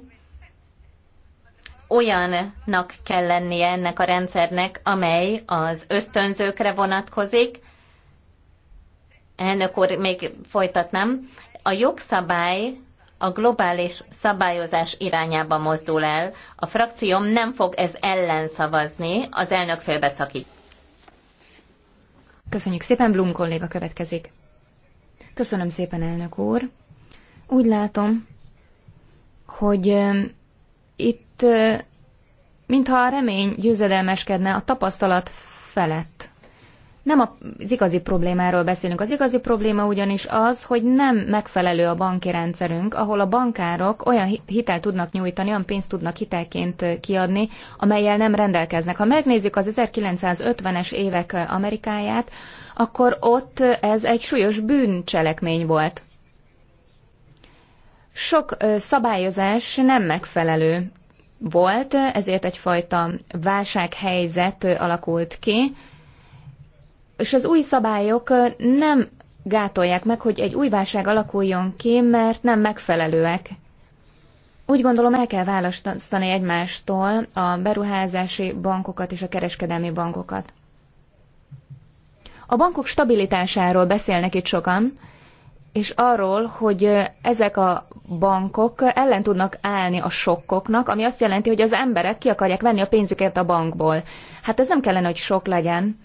olyannak kell lennie ennek a rendszernek, amely az ösztönzőkre vonatkozik. Elnök úr, még folytatnám. A jogszabály a globális szabályozás irányába mozdul el. A frakcióm nem fog ez ellen szavazni, az elnök félbeszakít. Köszönjük szépen, Blum kolléga következik. Köszönöm szépen, elnök úr. Úgy látom, hogy itt mintha a remény győzedelmeskedne a tapasztalat felett. Nem az igazi problémáról beszélünk. Az igazi probléma ugyanis az, hogy nem megfelelő a banki rendszerünk, ahol a bankárok olyan hitelt tudnak nyújtani, olyan pénzt tudnak hitelként kiadni, amelyel nem rendelkeznek. Ha megnézzük az 1950-es évek Amerikáját, akkor ott ez egy súlyos bűncselekmény volt. Sok szabályozás nem megfelelő volt, ezért egyfajta válsághelyzet alakult ki, és az új szabályok nem gátolják meg, hogy egy új válság alakuljon ki, mert nem megfelelőek. Úgy gondolom, el kell választani egymástól a beruházási bankokat és a kereskedelmi bankokat. A bankok stabilitásáról beszélnek itt sokan, és arról, hogy ezek a bankok ellen tudnak állni a sokkoknak, ami azt jelenti, hogy az emberek ki akarják venni a pénzüket a bankból. Hát ez nem kellene, hogy sok legyen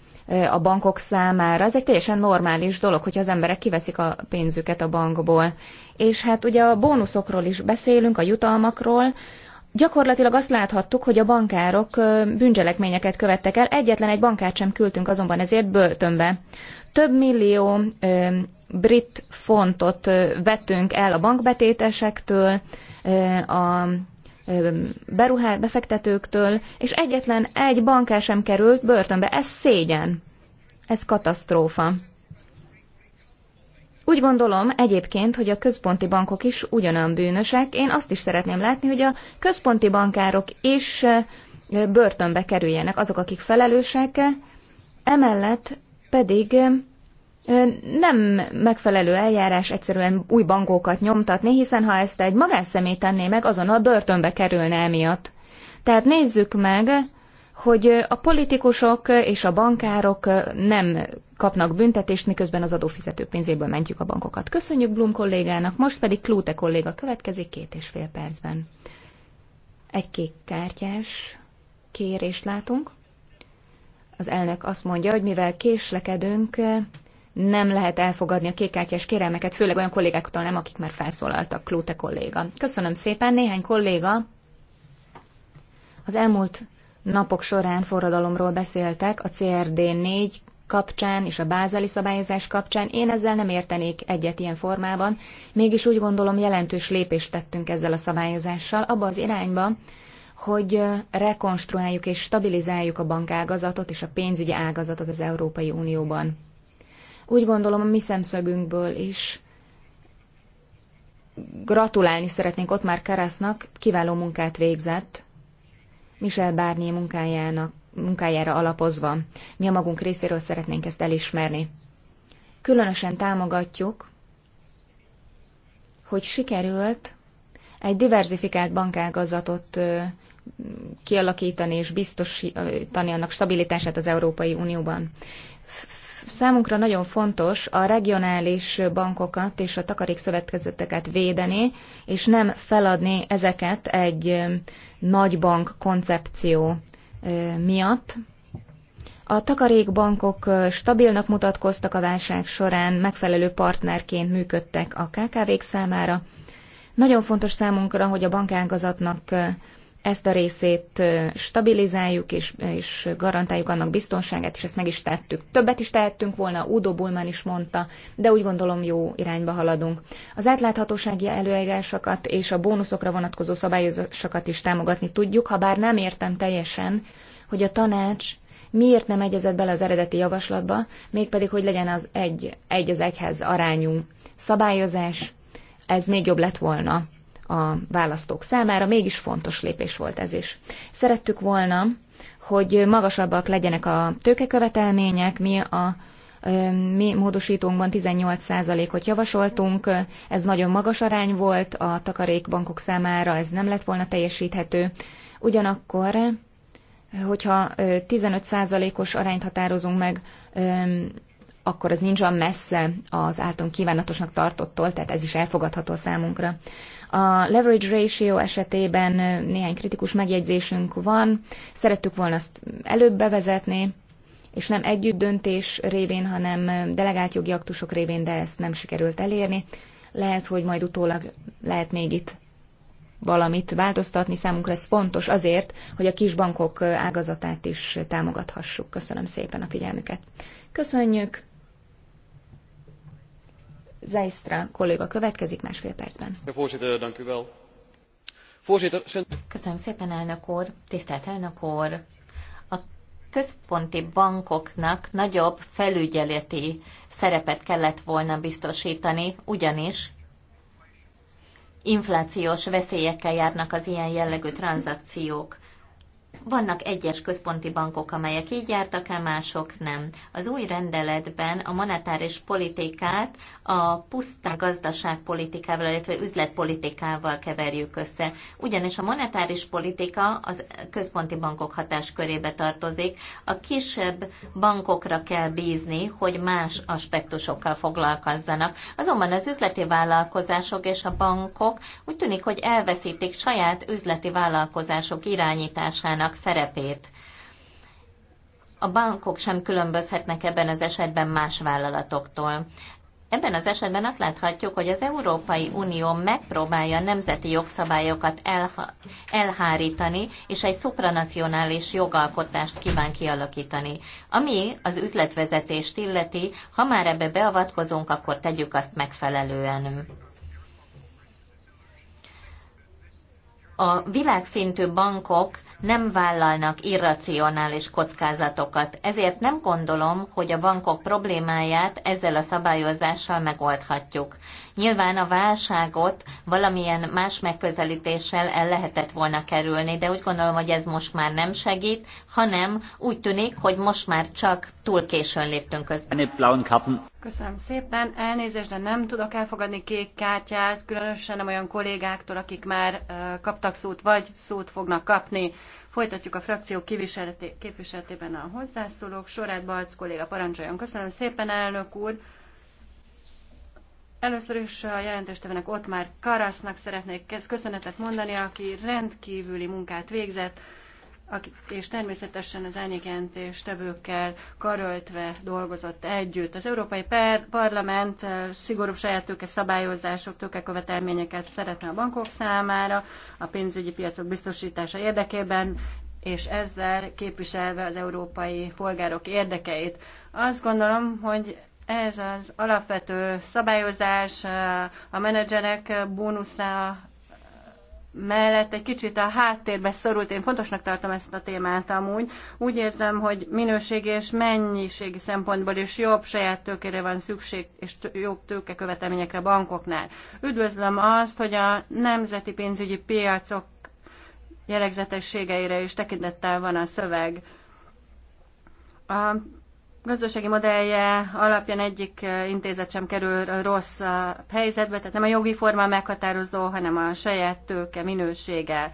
a bankok számára. Ez egy teljesen normális dolog, hogyha az emberek kiveszik a pénzüket a bankból. És hát ugye a bónuszokról is beszélünk, a jutalmakról, Gyakorlatilag azt láthattuk, hogy a bankárok bűncselekményeket követtek el, egyetlen egy bankárt sem küldtünk azonban ezért börtönbe. Több millió ö, brit fontot vettünk el a bankbetétesektől, ö, a beruhá, befektetőktől, és egyetlen egy bankár sem került börtönbe. Ez szégyen. Ez katasztrófa. Úgy gondolom egyébként, hogy a központi bankok is ugyanolyan bűnösek. Én azt is szeretném látni, hogy a központi bankárok is börtönbe kerüljenek azok, akik felelősek, emellett pedig nem megfelelő eljárás egyszerűen új bankókat nyomtatni, hiszen ha ezt egy magánszemély tenné meg, azonnal börtönbe kerülne emiatt. Tehát nézzük meg, hogy a politikusok és a bankárok nem kapnak büntetést, miközben az adófizetők pénzéből mentjük a bankokat. Köszönjük Blum kollégának, most pedig Klúte kolléga következik két és fél percben. Egy kék kártyás kérést látunk. Az elnök azt mondja, hogy mivel késlekedünk, nem lehet elfogadni a kékkártyás kérelmeket, főleg olyan kollégáktól nem, akik már felszólaltak, Klute kolléga. Köszönöm szépen, néhány kolléga az elmúlt napok során forradalomról beszéltek, a CRD 4 kapcsán és a bázali szabályozás kapcsán, én ezzel nem értenék egyet ilyen formában, mégis úgy gondolom jelentős lépést tettünk ezzel a szabályozással abba az irányba, hogy rekonstruáljuk és stabilizáljuk a bankágazatot és a pénzügyi ágazatot az Európai Unióban. Úgy gondolom a mi szemszögünkből is gratulálni szeretnénk ott már Karasznak, kiváló munkát végzett, Michel Barnier munkájának munkájára alapozva. Mi a magunk részéről szeretnénk ezt elismerni. Különösen támogatjuk, hogy sikerült egy diversifikált bankágazatot kialakítani és biztosítani annak stabilitását az Európai Unióban. Számunkra nagyon fontos a regionális bankokat és a takarékszövetkezeteket védeni, és nem feladni ezeket egy nagy bank koncepció miatt. A takarékbankok stabilnak mutatkoztak a válság során, megfelelő partnerként működtek a KKV-k számára. Nagyon fontos számunkra, hogy a bankágazatnak ezt a részét stabilizáljuk és, és garantáljuk annak biztonságát, és ezt meg is tettük. Többet is tehettünk volna, Udo Bullman is mondta, de úgy gondolom jó irányba haladunk. Az átláthatósági előírásokat és a bónuszokra vonatkozó szabályozásokat is támogatni tudjuk, ha bár nem értem teljesen, hogy a tanács miért nem egyezett bele az eredeti javaslatba, mégpedig, hogy legyen az egy, egy az egyhez arányú szabályozás, ez még jobb lett volna a választók számára, mégis fontos lépés volt ez is. Szerettük volna, hogy magasabbak legyenek a tőkekövetelmények, mi a mi módosítónkban 18%-ot javasoltunk, ez nagyon magas arány volt, a takarékbankok számára ez nem lett volna teljesíthető. Ugyanakkor, hogyha 15%-os arányt határozunk meg, akkor ez nincs olyan messze az általunk kívánatosnak tartottól, tehát ez is elfogadható számunkra. A leverage ratio esetében néhány kritikus megjegyzésünk van, szerettük volna azt előbb bevezetni, és nem együtt döntés révén, hanem delegált jogi aktusok révén, de ezt nem sikerült elérni. Lehet, hogy majd utólag lehet még itt valamit változtatni. Számunkra ez fontos azért, hogy a kisbankok ágazatát is támogathassuk. Köszönöm szépen a figyelmüket. Köszönjük! Zeistra kolléga következik másfél percben. Köszönöm szépen, elnök úr, tisztelt elnök úr. A központi bankoknak nagyobb felügyeleti szerepet kellett volna biztosítani, ugyanis inflációs veszélyekkel járnak az ilyen jellegű tranzakciók. Vannak egyes központi bankok, amelyek így jártak el, mások nem. Az új rendeletben a monetáris politikát a puszta gazdaságpolitikával, illetve üzletpolitikával keverjük össze. Ugyanis a monetáris politika az központi bankok hatáskörébe tartozik. A kisebb bankokra kell bízni, hogy más aspektusokkal foglalkozzanak. Azonban az üzleti vállalkozások és a bankok úgy tűnik, hogy elveszítik saját üzleti vállalkozások irányításának bankoknak szerepét. A bankok sem különbözhetnek ebben az esetben más vállalatoktól. Ebben az esetben azt láthatjuk, hogy az Európai Unió megpróbálja nemzeti jogszabályokat elhárítani, és egy szupranacionális jogalkotást kíván kialakítani. Ami az üzletvezetést illeti, ha már ebbe beavatkozunk, akkor tegyük azt megfelelően. A világszintű bankok nem vállalnak irracionális kockázatokat. Ezért nem gondolom, hogy a bankok problémáját ezzel a szabályozással megoldhatjuk. Nyilván a válságot valamilyen más megközelítéssel el lehetett volna kerülni, de úgy gondolom, hogy ez most már nem segít, hanem úgy tűnik, hogy most már csak túl későn léptünk közben. Köszönöm szépen, elnézést, de nem tudok elfogadni kék kártyát, különösen nem olyan kollégáktól, akik már kaptak szót, vagy szót fognak kapni. Folytatjuk a frakció képviseletében a hozzászólók sorát. Balc kolléga, parancsoljon. Köszönöm szépen, elnök úr. Először is a jelentéstevenek ott már Karasznak szeretnék köszönetet mondani, aki rendkívüli munkát végzett, és természetesen az és tevőkkel karöltve dolgozott együtt. Az Európai Parlament szigorú saját tőke szabályozások, tőkekövetelményeket szeretne a bankok számára, a pénzügyi piacok biztosítása érdekében, és ezzel képviselve az európai polgárok érdekeit. Azt gondolom, hogy ez az alapvető szabályozás, a menedzserek bónusza, mellett egy kicsit a háttérbe szorult. Én fontosnak tartom ezt a témát amúgy. Úgy érzem, hogy minőségi és mennyiségi szempontból is jobb saját tőkére van szükség, és jobb követelményekre bankoknál. Üdvözlöm azt, hogy a nemzeti pénzügyi piacok jellegzetességeire is tekintettel van a szöveg. A gazdasági modellje alapján egyik eh, intézet sem kerül eh, rossz eh, helyzetbe, tehát nem a jogi forma meghatározó, hanem a saját tőke minősége.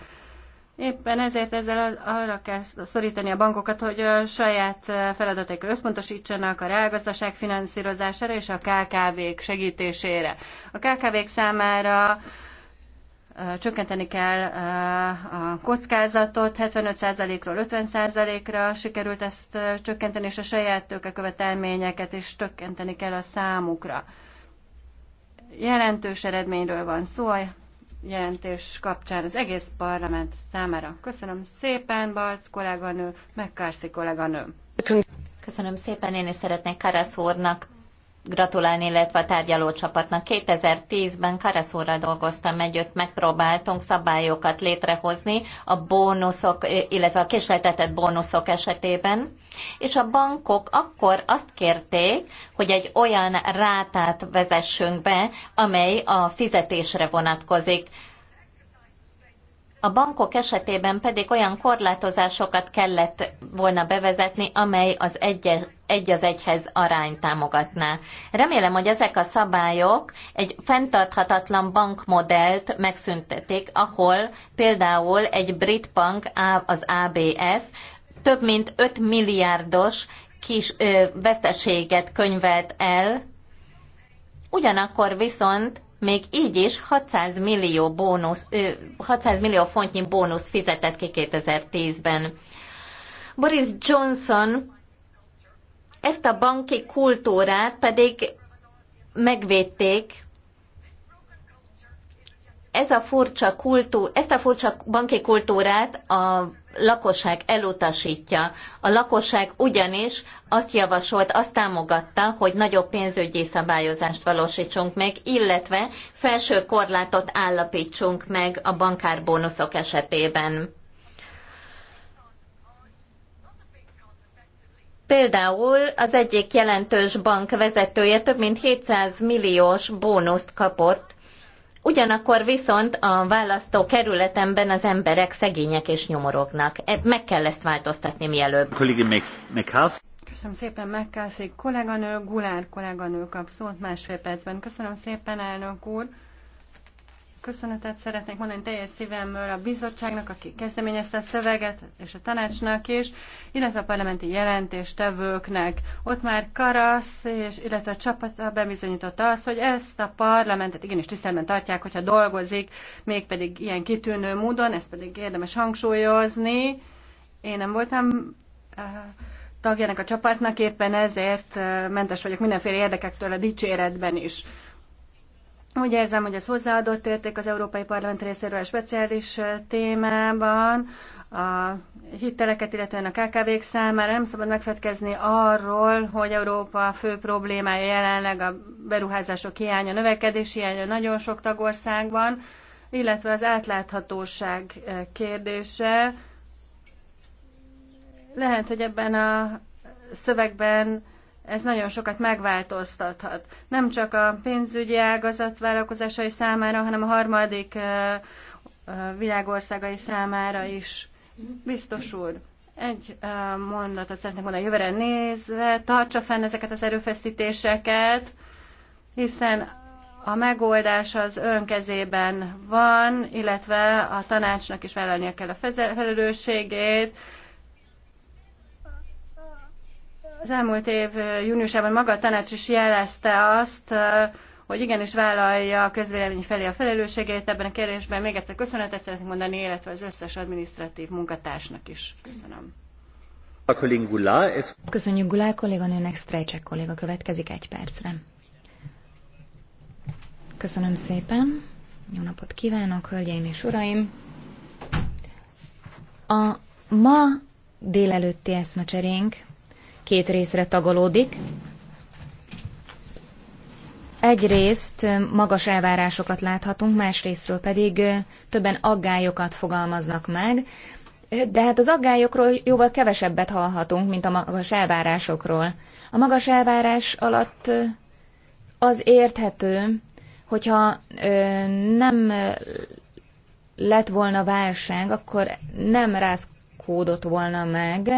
Éppen ezért ezzel arra kell szorítani a bankokat, hogy a saját feladataikra összpontosítsanak a reálgazdaság finanszírozására és a KKV-k segítésére. A KKV-k számára csökkenteni kell a kockázatot, 75%-ról 50%-ra sikerült ezt csökkenteni, és a saját tőkekövetelményeket is csökkenteni kell a számukra. Jelentős eredményről van szó a jelentés kapcsán az egész parlament számára. Köszönöm szépen, Balc kolléganő, McCarthy kolléganő. Köszönöm szépen, én is szeretnék Karasz úrnak gratulálni, illetve a tárgyalócsapatnak. 2010-ben Karaszóra dolgoztam együtt, megpróbáltunk szabályokat létrehozni a bónuszok, illetve a késletetett bónuszok esetében, és a bankok akkor azt kérték, hogy egy olyan rátát vezessünk be, amely a fizetésre vonatkozik a bankok esetében pedig olyan korlátozásokat kellett volna bevezetni, amely az egy, egy az egyhez arányt támogatná. Remélem, hogy ezek a szabályok egy fenntarthatatlan bankmodellt megszüntetik, ahol például egy brit bank, az ABS, több mint 5 milliárdos kis ö, veszteséget könyvelt el, ugyanakkor viszont még így is 600 millió, bónusz, 600 millió fontnyi bónusz fizetett ki 2010-ben. Boris Johnson ezt a banki kultúrát pedig megvédték. Ez a furcsa kultú, ezt a furcsa banki kultúrát a lakosság elutasítja. A lakosság ugyanis azt javasolt, azt támogatta, hogy nagyobb pénzügyi szabályozást valósítsunk meg, illetve felső korlátot állapítsunk meg a bankárbónuszok esetében. Például az egyik jelentős bank vezetője több mint 700 milliós bónuszt kapott Ugyanakkor viszont a választó kerületemben az emberek szegények és nyomorognak. E, meg kell ezt változtatni mielőbb. Köszönöm szépen, megkászik kolléganő, Gulár kolléganő kap szót másfél percben. Köszönöm szépen, elnök úr köszönetet szeretnék mondani teljes szívemről a bizottságnak, aki kezdeményezte a szöveget, és a tanácsnak is, illetve a parlamenti jelentéstevőknek. Ott már Karasz, és, illetve a csapata bebizonyította azt, hogy ezt a parlamentet igenis tisztelben tartják, hogyha dolgozik, mégpedig ilyen kitűnő módon, ezt pedig érdemes hangsúlyozni. Én nem voltam uh, tagjának a csapatnak, éppen ezért eh, mentes vagyok mindenféle érdekektől a dicséretben is. Úgy érzem, hogy ez hozzáadott érték az Európai Parlament részéről a speciális témában, a hiteleket, illetően a KKV-k számára nem szabad megfetkezni arról, hogy Európa fő problémája jelenleg a beruházások hiánya, növekedés hiánya nagyon sok tagországban, illetve az átláthatóság kérdése. Lehet, hogy ebben a szövegben ez nagyon sokat megváltoztathat. Nem csak a pénzügyi ágazat vállalkozásai számára, hanem a harmadik világországai számára is. Biztos úr, egy mondatot szeretnék mondani, jövőre nézve, tartsa fenn ezeket az erőfeszítéseket, hiszen a megoldás az önkezében van, illetve a tanácsnak is vállalnia kell a felelősségét, az elmúlt év júniusában maga a tanács is jelezte azt, hogy igenis vállalja a közvélemény felé a felelősségét ebben a kérdésben. Még egyszer köszönetet szeretnék mondani, illetve az összes administratív munkatársnak is. Köszönöm. Köszönjük Gulá kolléganőnek, Strejcsek kolléga következik egy percre. Köszönöm szépen, jó napot kívánok, hölgyeim és uraim! A ma délelőtti eszmecserénk két részre tagolódik. Egyrészt magas elvárásokat láthatunk, másrésztről pedig többen aggályokat fogalmaznak meg, de hát az aggályokról jóval kevesebbet hallhatunk, mint a magas elvárásokról. A magas elvárás alatt az érthető, hogyha nem lett volna válság, akkor nem rázkódott volna meg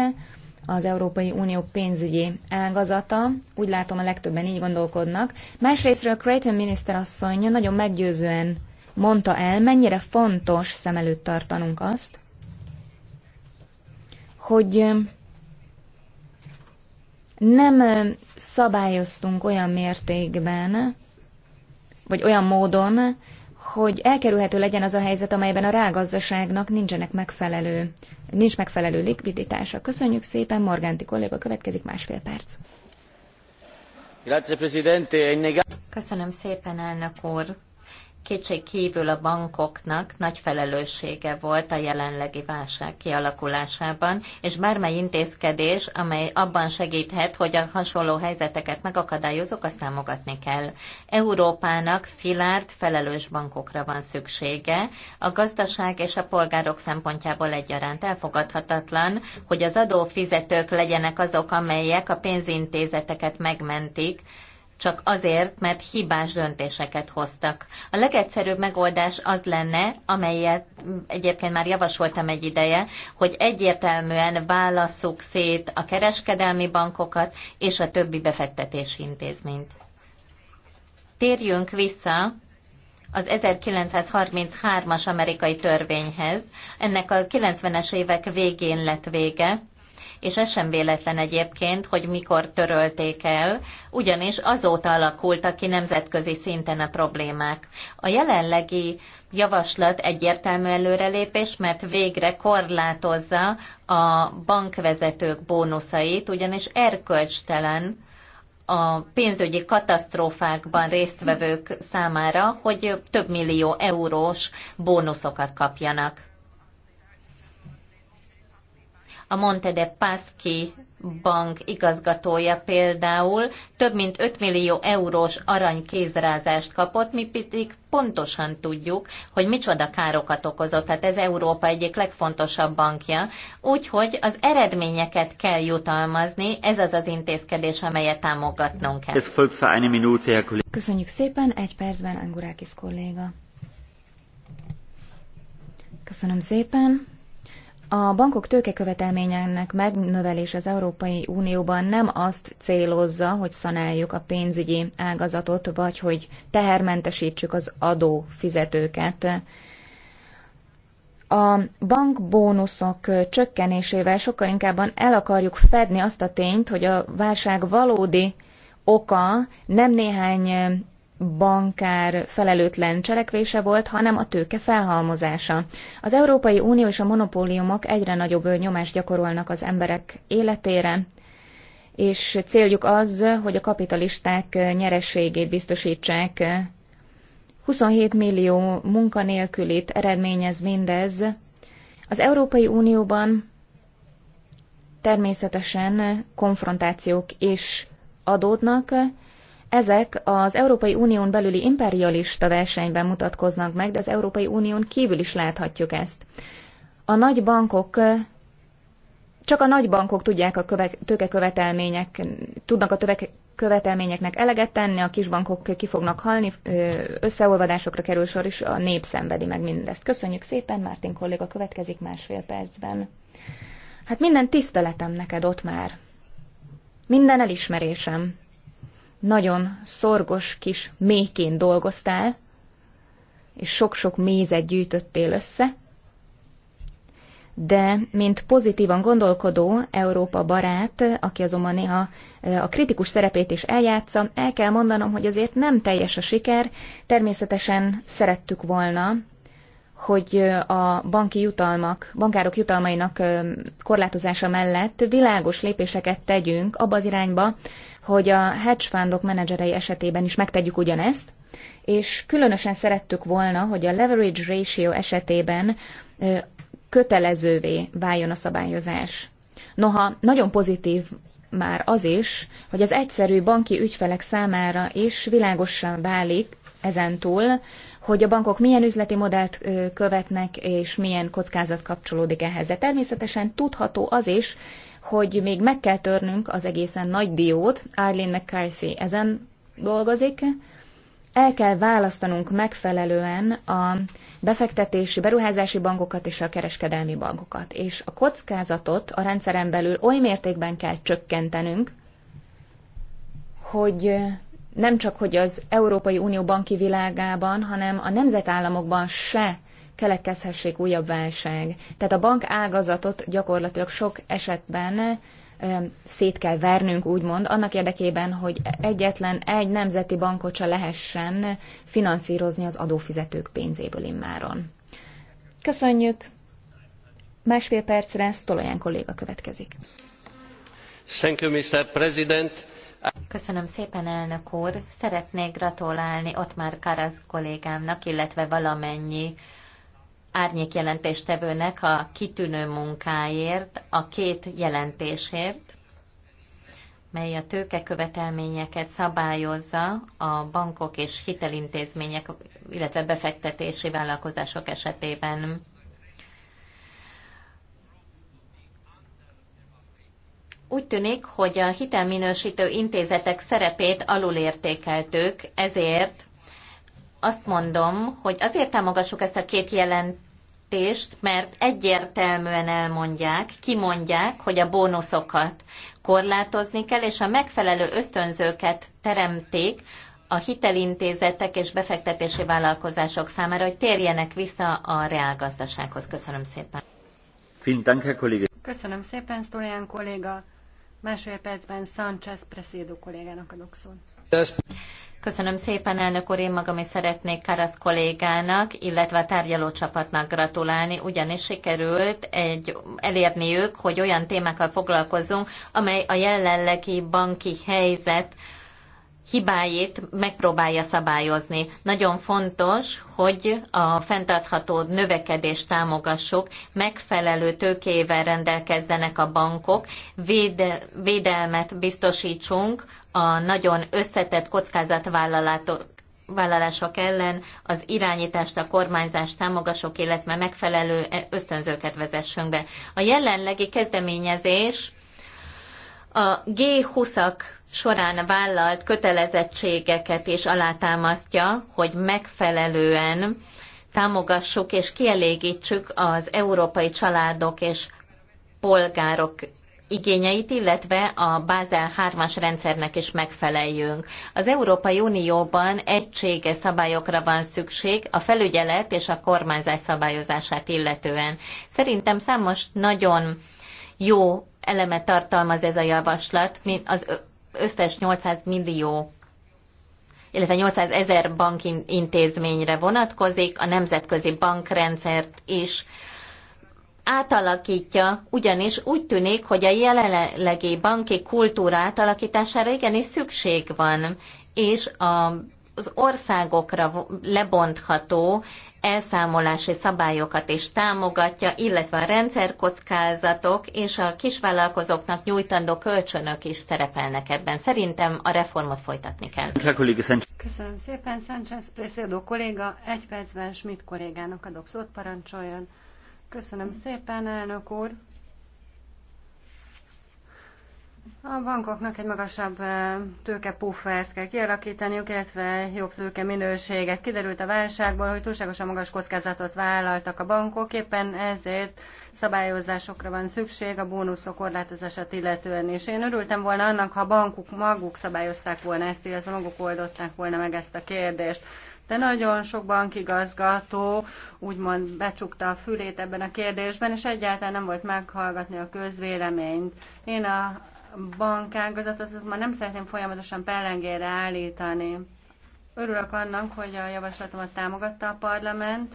az Európai Unió pénzügyi ágazata. Úgy látom, a legtöbben így gondolkodnak. Másrésztről Creighton asszony nagyon meggyőzően mondta el, mennyire fontos szem előtt tartanunk azt, hogy nem szabályoztunk olyan mértékben, vagy olyan módon, hogy elkerülhető legyen az a helyzet, amelyben a rágazdaságnak nincsenek megfelelő, nincs megfelelő likviditása. Köszönjük szépen, Morganti kolléga, következik másfél perc. Köszönöm szépen, elnök úr. Kétség kívül a bankoknak nagy felelőssége volt a jelenlegi válság kialakulásában, és bármely intézkedés, amely abban segíthet, hogy a hasonló helyzeteket megakadályozok, azt támogatni kell. Európának szilárd, felelős bankokra van szüksége. A gazdaság és a polgárok szempontjából egyaránt elfogadhatatlan, hogy az adófizetők legyenek azok, amelyek a pénzintézeteket megmentik, csak azért, mert hibás döntéseket hoztak. A legegyszerűbb megoldás az lenne, amelyet egyébként már javasoltam egy ideje, hogy egyértelműen válasszuk szét a kereskedelmi bankokat és a többi befektetési intézményt. Térjünk vissza az 1933-as amerikai törvényhez. Ennek a 90-es évek végén lett vége, és ez sem véletlen egyébként, hogy mikor törölték el, ugyanis azóta alakultak ki nemzetközi szinten a problémák. A jelenlegi javaslat egyértelmű előrelépés, mert végre korlátozza a bankvezetők bónuszait, ugyanis erkölcstelen a pénzügyi katasztrófákban résztvevők számára, hogy több millió eurós bónuszokat kapjanak a Monte de Paschi bank igazgatója például több mint 5 millió eurós aranykézrázást kapott, mi pedig pontosan tudjuk, hogy micsoda károkat okozott. Tehát ez Európa egyik legfontosabb bankja. Úgyhogy az eredményeket kell jutalmazni, ez az az intézkedés, amelyet támogatnunk kell. Köszönjük szépen, egy percben Angurákis kolléga. Köszönöm szépen. A bankok tőkekövetelményének megnövelés az Európai Unióban nem azt célozza, hogy szanáljuk a pénzügyi ágazatot, vagy hogy tehermentesítsük az adófizetőket. A bankbónuszok csökkenésével sokkal inkább el akarjuk fedni azt a tényt, hogy a válság valódi oka nem néhány bankár felelőtlen cselekvése volt, hanem a tőke felhalmozása. Az Európai Unió és a monopóliumok egyre nagyobb nyomást gyakorolnak az emberek életére, és céljuk az, hogy a kapitalisták nyerességét biztosítsák. 27 millió munkanélkülit eredményez mindez. Az Európai Unióban természetesen konfrontációk is adódnak, ezek az Európai Unión belüli imperialista versenyben mutatkoznak meg, de az Európai Unión kívül is láthatjuk ezt. A nagy bankok csak a nagy bankok tudják a köve, követelmények, tudnak a tövek, követelményeknek eleget tenni, a kisbankok ki fognak halni, összeolvadásokra kerül sor, és a nép szenvedi meg mindezt. Köszönjük szépen, Mártin kolléga következik másfél percben. Hát minden tiszteletem neked ott már. Minden elismerésem nagyon szorgos kis méhként dolgoztál, és sok-sok mézet gyűjtöttél össze, de mint pozitívan gondolkodó Európa barát, aki azonban néha a kritikus szerepét is eljátsza, el kell mondanom, hogy azért nem teljes a siker. Természetesen szerettük volna, hogy a banki jutalmak, bankárok jutalmainak korlátozása mellett világos lépéseket tegyünk abba az irányba, hogy a hedge fundok menedzserei esetében is megtegyük ugyanezt, és különösen szerettük volna, hogy a leverage ratio esetében kötelezővé váljon a szabályozás. Noha nagyon pozitív már az is, hogy az egyszerű banki ügyfelek számára is világosan válik ezentúl, hogy a bankok milyen üzleti modellt követnek, és milyen kockázat kapcsolódik ehhez. De természetesen tudható az is, hogy még meg kell törnünk az egészen nagy diót, Arlene McCarthy ezen dolgozik, el kell választanunk megfelelően a befektetési, beruházási bankokat és a kereskedelmi bankokat. És a kockázatot a rendszeren belül oly mértékben kell csökkentenünk, hogy nem csak hogy az Európai Unió banki világában, hanem a nemzetállamokban se keletkezhessék újabb válság. Tehát a bank ágazatot gyakorlatilag sok esetben szét kell vernünk, úgymond, annak érdekében, hogy egyetlen egy nemzeti bankot se lehessen finanszírozni az adófizetők pénzéből immáron. Köszönjük! Másfél percre Stolojan kolléga következik. Thank you, Mr. President. Köszönöm szépen, elnök úr! Szeretnék gratulálni Ottmar Karasz kollégámnak, illetve valamennyi árnyék jelentéstevőnek a kitűnő munkáért, a két jelentésért, mely a tőkekövetelményeket szabályozza a bankok és hitelintézmények, illetve befektetési vállalkozások esetében. úgy tűnik, hogy a hitelminősítő intézetek szerepét alulértékeltük, ezért azt mondom, hogy azért támogassuk ezt a két jelentést, mert egyértelműen elmondják, kimondják, hogy a bónuszokat korlátozni kell, és a megfelelő ösztönzőket teremték a hitelintézetek és befektetési vállalkozások számára, hogy térjenek vissza a reálgazdasághoz. Köszönöm szépen. Köszönöm szépen, Sztorián kolléga. Másfél percben Sánchez Preszédó kollégának adok szót. Köszönöm szépen, elnök úr, én magam is szeretnék Karasz kollégának, illetve a tárgyalócsapatnak gratulálni, ugyanis sikerült egy, elérni ők, hogy olyan témákkal foglalkozzunk, amely a jelenlegi banki helyzet hibáit megpróbálja szabályozni. Nagyon fontos, hogy a fenntartható növekedést támogassuk, megfelelő tőkével rendelkezzenek a bankok, véde, védelmet biztosítsunk a nagyon összetett kockázatvállalások ellen az irányítást, a kormányzást támogassuk, illetve megfelelő e- ösztönzőket vezessünk be. A jelenlegi kezdeményezés a G20-ak során vállalt kötelezettségeket is alátámasztja, hogy megfelelően támogassuk és kielégítsük az európai családok és polgárok igényeit, illetve a Bázel 3-as rendszernek is megfeleljünk. Az Európai Unióban egysége szabályokra van szükség a felügyelet és a kormányzás szabályozását illetően. Szerintem számos nagyon jó elemet tartalmaz ez a javaslat, mint az összes 800 millió illetve 800 ezer bankintézményre vonatkozik, a nemzetközi bankrendszert is átalakítja, ugyanis úgy tűnik, hogy a jelenlegi banki kultúra átalakítására igenis szükség van, és a, az országokra lebontható elszámolási szabályokat is támogatja, illetve a rendszerkockázatok és a kisvállalkozóknak nyújtandó kölcsönök is szerepelnek ebben. Szerintem a reformot folytatni kell. Köszönöm szépen, Sánchez Presedo kolléga. Egy percben Schmidt kollégának adok szót, parancsoljon. Köszönöm szépen, elnök úr. A bankoknak egy magasabb eh, tőkepuffert kell kialakítaniuk, illetve jobb tőke minőséget. Kiderült a válságból, hogy túlságosan magas kockázatot vállaltak a bankok, éppen ezért szabályozásokra van szükség a bónuszok korlátozását illetően is. Én örültem volna annak, ha bankuk maguk szabályozták volna ezt, illetve maguk oldották volna meg ezt a kérdést de nagyon sok bankigazgató úgymond becsukta a fülét ebben a kérdésben, és egyáltalán nem volt meghallgatni a közvéleményt. Én a bankágazatot már nem szeretném folyamatosan pellengére állítani. Örülök annak, hogy a javaslatomat támogatta a parlament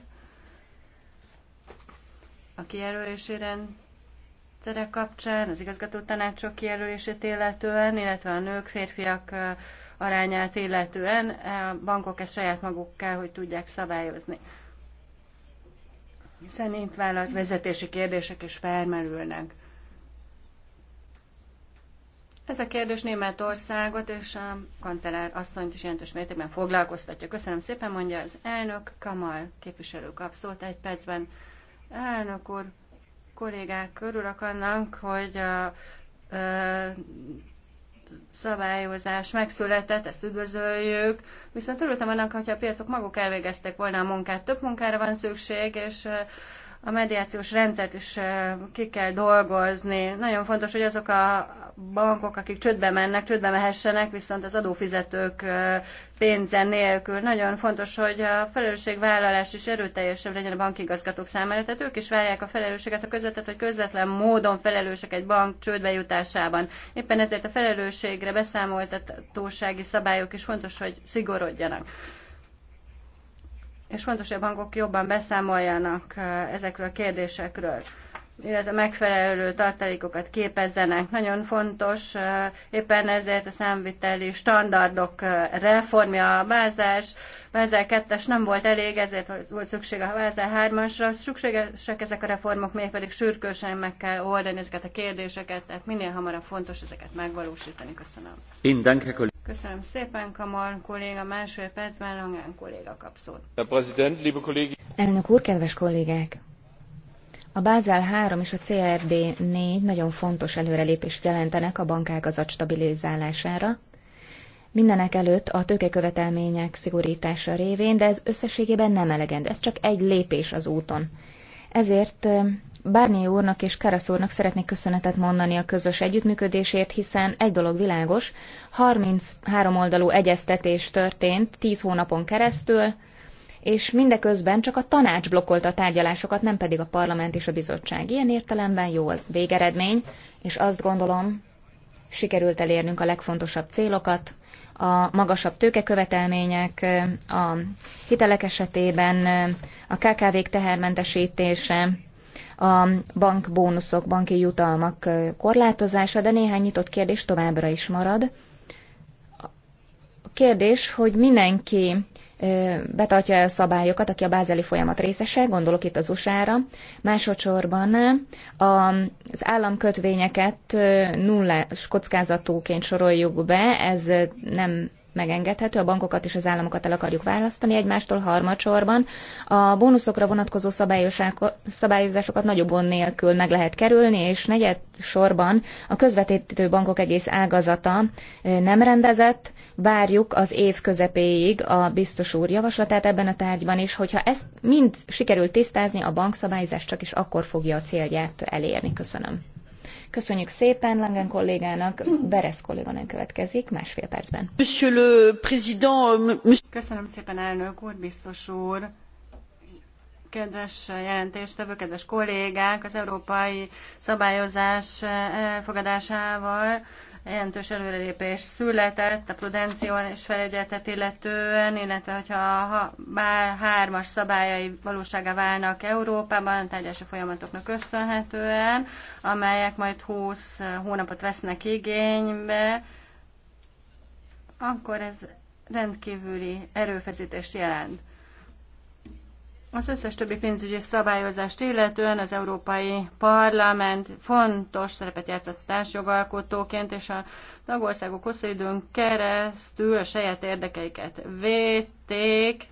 a kijelölési rendszerek kapcsán, az igazgató tanácsok kijelölését illetően, illetve a nők, férfiak arányát illetően a bankok ezt saját maguk kell, hogy tudják szabályozni. Hiszen itt vállalt vezetési kérdések is felmerülnek. Ez a kérdés Németországot és a kancellár asszonyt is jelentős mértékben foglalkoztatja. Köszönöm szépen, mondja az elnök, Kamal képviselő kap szót egy percben. Elnök úr, kollégák, örülök annak, hogy a, a szabályozás megszületett, ezt üdvözöljük, viszont örültem annak, hogyha a piacok maguk elvégeztek volna a munkát. Több munkára van szükség, és a mediációs rendszert is ki kell dolgozni. Nagyon fontos, hogy azok a bankok, akik csődbe mennek, csődbe mehessenek, viszont az adófizetők pénze nélkül. Nagyon fontos, hogy a felelősségvállalás is erőteljesebb legyen a bankigazgatók számára, tehát ők is válják a felelősséget a közvetet, hogy közvetlen módon felelősek egy bank csődbe jutásában. Éppen ezért a felelősségre beszámoltatósági szabályok is fontos, hogy szigorodjanak és fontos, hogy a bankok jobban beszámoljanak ezekről a kérdésekről illetve megfelelő tartalékokat képezzenek. Nagyon fontos éppen ezért a számviteli standardok reformja, a bázás, Vázel 2 nem volt elég, ezért volt szükség a Vázel 3-asra. Szükségesek ezek a reformok, mégpedig sürgősen meg kell oldani ezeket a kérdéseket, tehát minél hamarabb fontos ezeket megvalósítani. Köszönöm. Köszönöm szépen, Kamal kolléga, másfél percben Langán kolléga kap szót. Elnök úr, kedves kollégák! A Bázel 3 és a CRD 4 nagyon fontos előrelépést jelentenek a bankágazat stabilizálására, mindenek előtt a tőkekövetelmények szigorítása révén, de ez összességében nem elegendő, ez csak egy lépés az úton. Ezért Bárnyi úrnak és Karasz úrnak szeretnék köszönetet mondani a közös együttműködésért, hiszen egy dolog világos, 33 oldalú egyeztetés történt 10 hónapon keresztül, és mindeközben csak a tanács blokkolta a tárgyalásokat, nem pedig a parlament és a bizottság. Ilyen értelemben jó a végeredmény, és azt gondolom, sikerült elérnünk a legfontosabb célokat, a magasabb tőkekövetelmények, a hitelek esetében a KKV-k tehermentesítése, a bankbónuszok, banki jutalmak korlátozása, de néhány nyitott kérdés továbbra is marad. A kérdés, hogy mindenki betartja a szabályokat, aki a bázeli folyamat részese, gondolok itt az USA-ra. Másodszorban az államkötvényeket nullás kockázatúként soroljuk be, ez nem megengedhető, a bankokat és az államokat el akarjuk választani egymástól harmadsorban. A bónuszokra vonatkozó szabályozásokat nagyobb gond nélkül meg lehet kerülni, és negyed sorban a közvetítő bankok egész ágazata nem rendezett, várjuk az év közepéig a biztos úr javaslatát ebben a tárgyban, és hogyha ezt mind sikerül tisztázni, a bankszabályozás csak is akkor fogja a célját elérni. Köszönöm. Köszönjük szépen Langen kollégának, Beres kolléganő következik másfél percben. Monsieur le Président, euh, Köszönöm szépen elnök úr, biztos úr. Kedves jelentéstevő, kedves kollégák, az európai szabályozás elfogadásával jelentős előrelépés született a prudenció és felügyeletet illetően, illetve hogyha a bár hármas szabályai valósága válnak Európában, a tárgyási folyamatoknak köszönhetően, amelyek majd 20 hónapot vesznek igénybe, akkor ez rendkívüli erőfeszítést jelent. Az összes többi pénzügyi szabályozást illetően az Európai Parlament fontos szerepet játszott társjogalkotóként, és a tagországok hosszú időn keresztül a saját érdekeiket védték,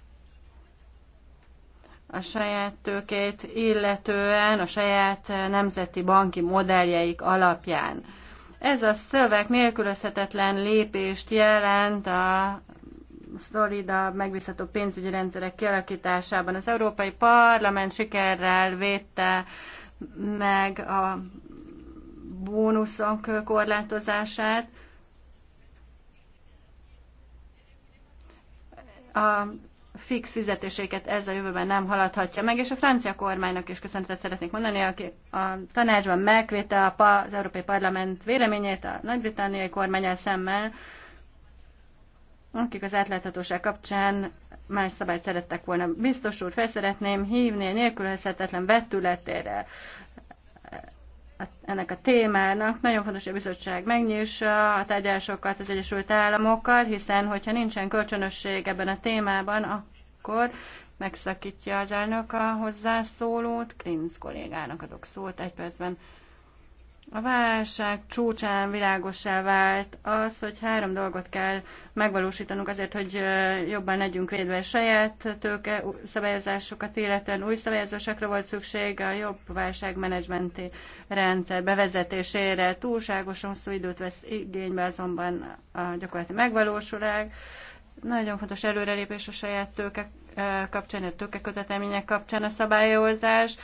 a saját tőkét illetően, a saját nemzeti banki modelljeik alapján. Ez a szöveg nélkülözhetetlen lépést jelent a szolidabb, megbízható pénzügyi rendszerek kialakításában. Az Európai Parlament sikerrel védte meg a bónuszok korlátozását. A fix fizetéséket ez a jövőben nem haladhatja meg, és a francia kormánynak is köszönetet szeretnék mondani, aki a tanácsban megvédte az Európai Parlament véleményét a nagy-britanniai kormányel szemmel, akik az átláthatóság kapcsán más szabályt szerettek volna. Biztos úr, felszeretném hívni a nélkülözhetetlen vetületére ennek a témának. Nagyon fontos, hogy a bizottság megnyissa a tárgyalásokat az Egyesült Államokkal, hiszen hogyha nincsen kölcsönösség ebben a témában, akkor megszakítja az elnök a hozzászólót. Klinz kollégának adok szót egy percben. A válság csúcsán világosá vált az, hogy három dolgot kell megvalósítanunk azért, hogy jobban legyünk védve saját tőke szabályozásokat, illetve új szabályozásokra volt szükség a jobb válságmenedzsmenti rendszer bevezetésére. Túlságosan hosszú időt vesz igénybe azonban a gyakorlati megvalósulás. Nagyon fontos előrelépés a saját tőke kapcsán, a tőke kapcsán a szabályozás,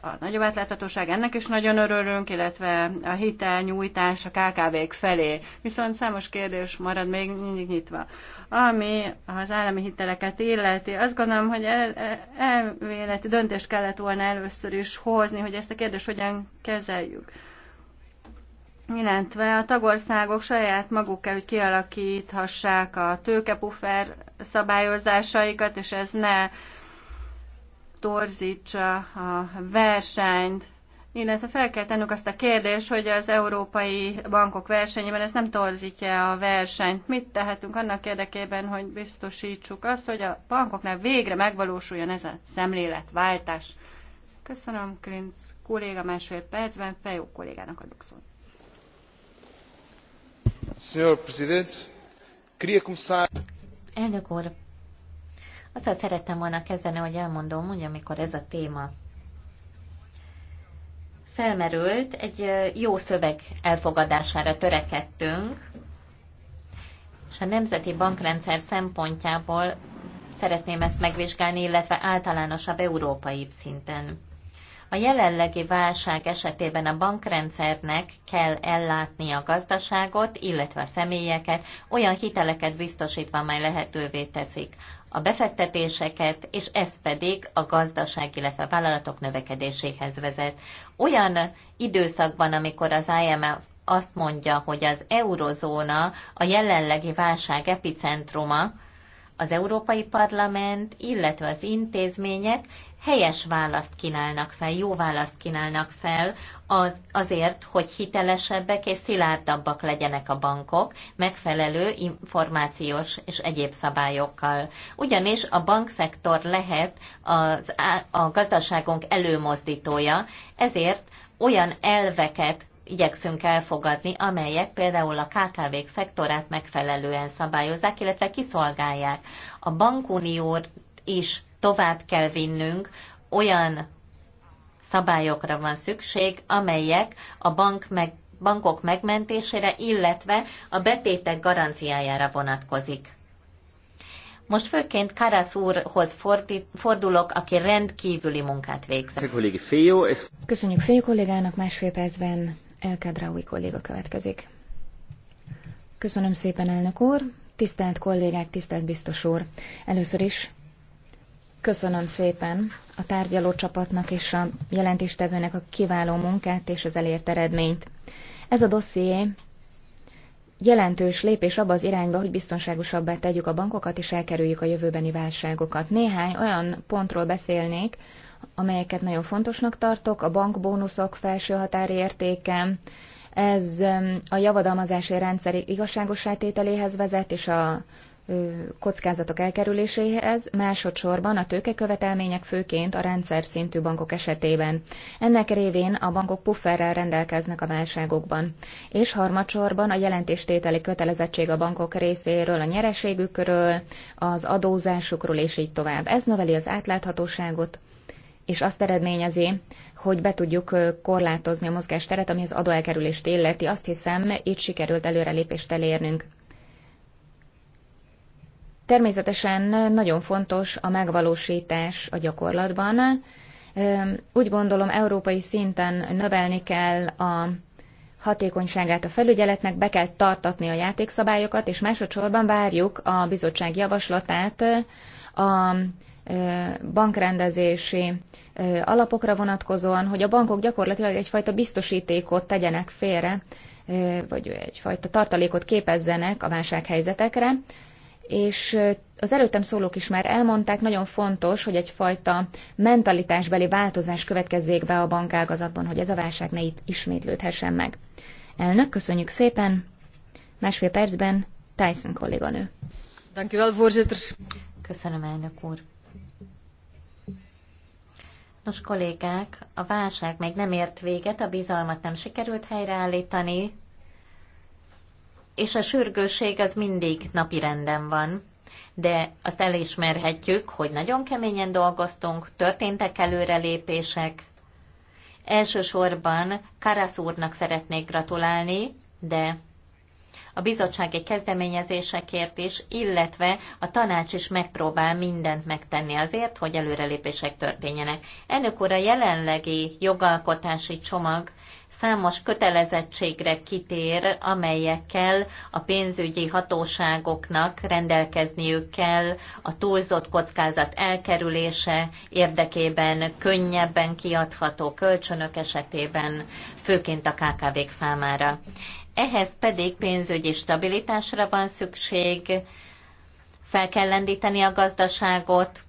a nagyobb átláthatóság, ennek is nagyon örülünk, illetve a nyújtás a KKV-k felé. Viszont számos kérdés marad még mindig nyitva. Ami az állami hiteleket illeti, azt gondolom, hogy el, elméleti döntést kellett volna először is hozni, hogy ezt a kérdést hogyan kezeljük. Illetve a tagországok saját maguk kell, hogy kialakíthassák a tőkepuffer szabályozásaikat, és ez ne torzítsa a versenyt, illetve fel kell tennünk azt a kérdést, hogy az európai bankok versenyében ez nem torzítja a versenyt. Mit tehetünk annak érdekében, hogy biztosítsuk azt, hogy a bankoknál végre megvalósuljon ez a szemléletváltás? Köszönöm, Klinc kolléga másfél percben, Fejó kollégának adok szót. Elnök úr, azzal szerettem volna kezdeni, hogy elmondom, hogy amikor ez a téma felmerült, egy jó szöveg elfogadására törekedtünk, és a Nemzeti Bankrendszer szempontjából szeretném ezt megvizsgálni, illetve általánosabb európai szinten. A jelenlegi válság esetében a bankrendszernek kell ellátni a gazdaságot, illetve a személyeket, olyan hiteleket biztosítva, amely lehetővé teszik a befektetéseket, és ez pedig a gazdaság, illetve a vállalatok növekedéséhez vezet. Olyan időszakban, amikor az IMF azt mondja, hogy az eurozóna a jelenlegi válság epicentruma, az Európai Parlament, illetve az intézmények helyes választ kínálnak fel, jó választ kínálnak fel az, azért, hogy hitelesebbek és szilárdabbak legyenek a bankok megfelelő információs és egyéb szabályokkal. Ugyanis a bankszektor lehet az, a gazdaságunk előmozdítója, ezért olyan elveket igyekszünk elfogadni, amelyek például a KKV-k szektorát megfelelően szabályozzák, illetve kiszolgálják. A bankunió is tovább kell vinnünk, olyan szabályokra van szükség, amelyek a bank meg, bankok megmentésére, illetve a betétek garanciájára vonatkozik. Most főként Karasz úrhoz fordi, fordulok, aki rendkívüli munkát végzett. Köszönjük Fél kollégának, másfél percben Elkadra új kolléga következik. Köszönöm szépen, elnök úr! Tisztelt kollégák, tisztelt biztos úr! Először is Köszönöm szépen a tárgyaló csapatnak és a jelentéstevőnek a kiváló munkát és az elért eredményt. Ez a dosszié jelentős lépés abba az irányba, hogy biztonságosabbá tegyük a bankokat és elkerüljük a jövőbeni válságokat. Néhány olyan pontról beszélnék, amelyeket nagyon fontosnak tartok, a bankbónuszok felső határértéke, ez a javadalmazási rendszer igazságos vezet, és a kockázatok elkerüléséhez, másodszorban a tőkekövetelmények főként a rendszer szintű bankok esetében. Ennek révén a bankok pufferrel rendelkeznek a válságokban. És harmadsorban a jelentéstételi kötelezettség a bankok részéről, a nyereségükről, az adózásukról és így tovább. Ez növeli az átláthatóságot, és azt eredményezi, hogy be tudjuk korlátozni a mozgásteret, ami az adóelkerülést illeti. Azt hiszem, itt sikerült előrelépést elérnünk. Természetesen nagyon fontos a megvalósítás a gyakorlatban. Úgy gondolom, európai szinten növelni kell a hatékonyságát a felügyeletnek, be kell tartatni a játékszabályokat, és másodszorban várjuk a bizottság javaslatát a bankrendezési alapokra vonatkozóan, hogy a bankok gyakorlatilag egyfajta biztosítékot tegyenek félre, vagy egyfajta tartalékot képezzenek a válsághelyzetekre és az előttem szólók is már elmondták, nagyon fontos, hogy egyfajta mentalitásbeli változás következzék be a bankágazatban, hogy ez a válság ne itt ismétlődhessen meg. Elnök, köszönjük szépen! Másfél percben Tyson kolléganő. Köszönöm, elnök úr! Nos, kollégák, a válság még nem ért véget, a bizalmat nem sikerült helyreállítani, és a sürgőség az mindig napi renden van, de azt elismerhetjük, hogy nagyon keményen dolgoztunk, történtek előrelépések. Elsősorban Karasz úrnak szeretnék gratulálni, de a bizottsági kezdeményezésekért is, illetve a tanács is megpróbál mindent megtenni azért, hogy előrelépések történjenek. Ennek úr, a jelenlegi jogalkotási csomag számos kötelezettségre kitér, amelyekkel a pénzügyi hatóságoknak rendelkezniük kell a túlzott kockázat elkerülése érdekében könnyebben kiadható kölcsönök esetében, főként a KKV-k számára. Ehhez pedig pénzügyi stabilitásra van szükség, fel kell lendíteni a gazdaságot,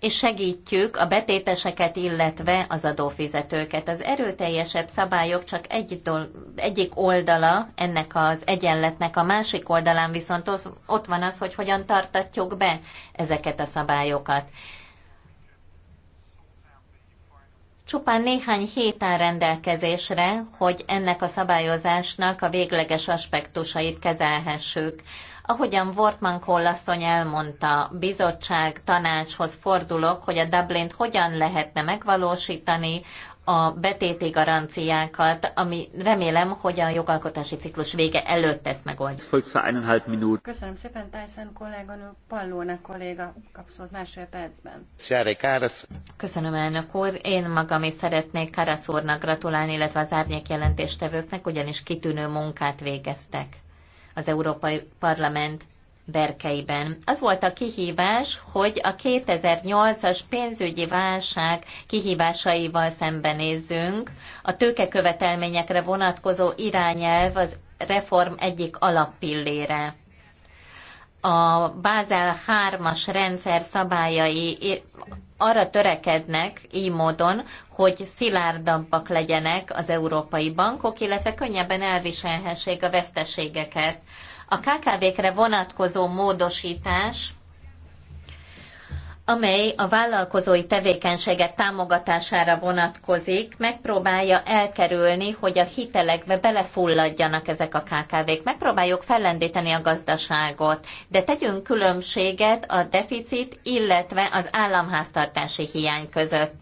és segítjük a betéteseket, illetve az adófizetőket. Az erőteljesebb szabályok csak egy dol- egyik oldala ennek az egyenletnek, a másik oldalán viszont az, ott van az, hogy hogyan tartatjuk be ezeket a szabályokat. Csupán néhány héten rendelkezésre, hogy ennek a szabályozásnak a végleges aspektusait kezelhessük. Ahogyan Wortman Kollasszony elmondta, bizottság tanácshoz fordulok, hogy a Dublint hogyan lehetne megvalósítani, a betéti garanciákat, ami remélem, hogy a jogalkotási ciklus vége előtt ezt megoldja. Köszönöm szépen, Tyson kolléganő, Pallóna kolléga kapszolt másfél percben. Köszönöm, elnök úr. Én magam is szeretnék Karasz úrnak gratulálni, illetve az árnyék jelentéstevőknek, ugyanis kitűnő munkát végeztek az Európai Parlament berkeiben. Az volt a kihívás, hogy a 2008-as pénzügyi válság kihívásaival szembenézzünk. A tőkekövetelményekre vonatkozó irányelv az reform egyik alappillére. A Bázel 3-as rendszer szabályai arra törekednek így módon, hogy szilárdabbak legyenek az európai bankok, illetve könnyebben elviselhessék a veszteségeket. A KKV-kre vonatkozó módosítás amely a vállalkozói tevékenységek támogatására vonatkozik, megpróbálja elkerülni, hogy a hitelekbe belefulladjanak ezek a KKV-k. Megpróbáljuk fellendíteni a gazdaságot, de tegyünk különbséget a deficit, illetve az államháztartási hiány között.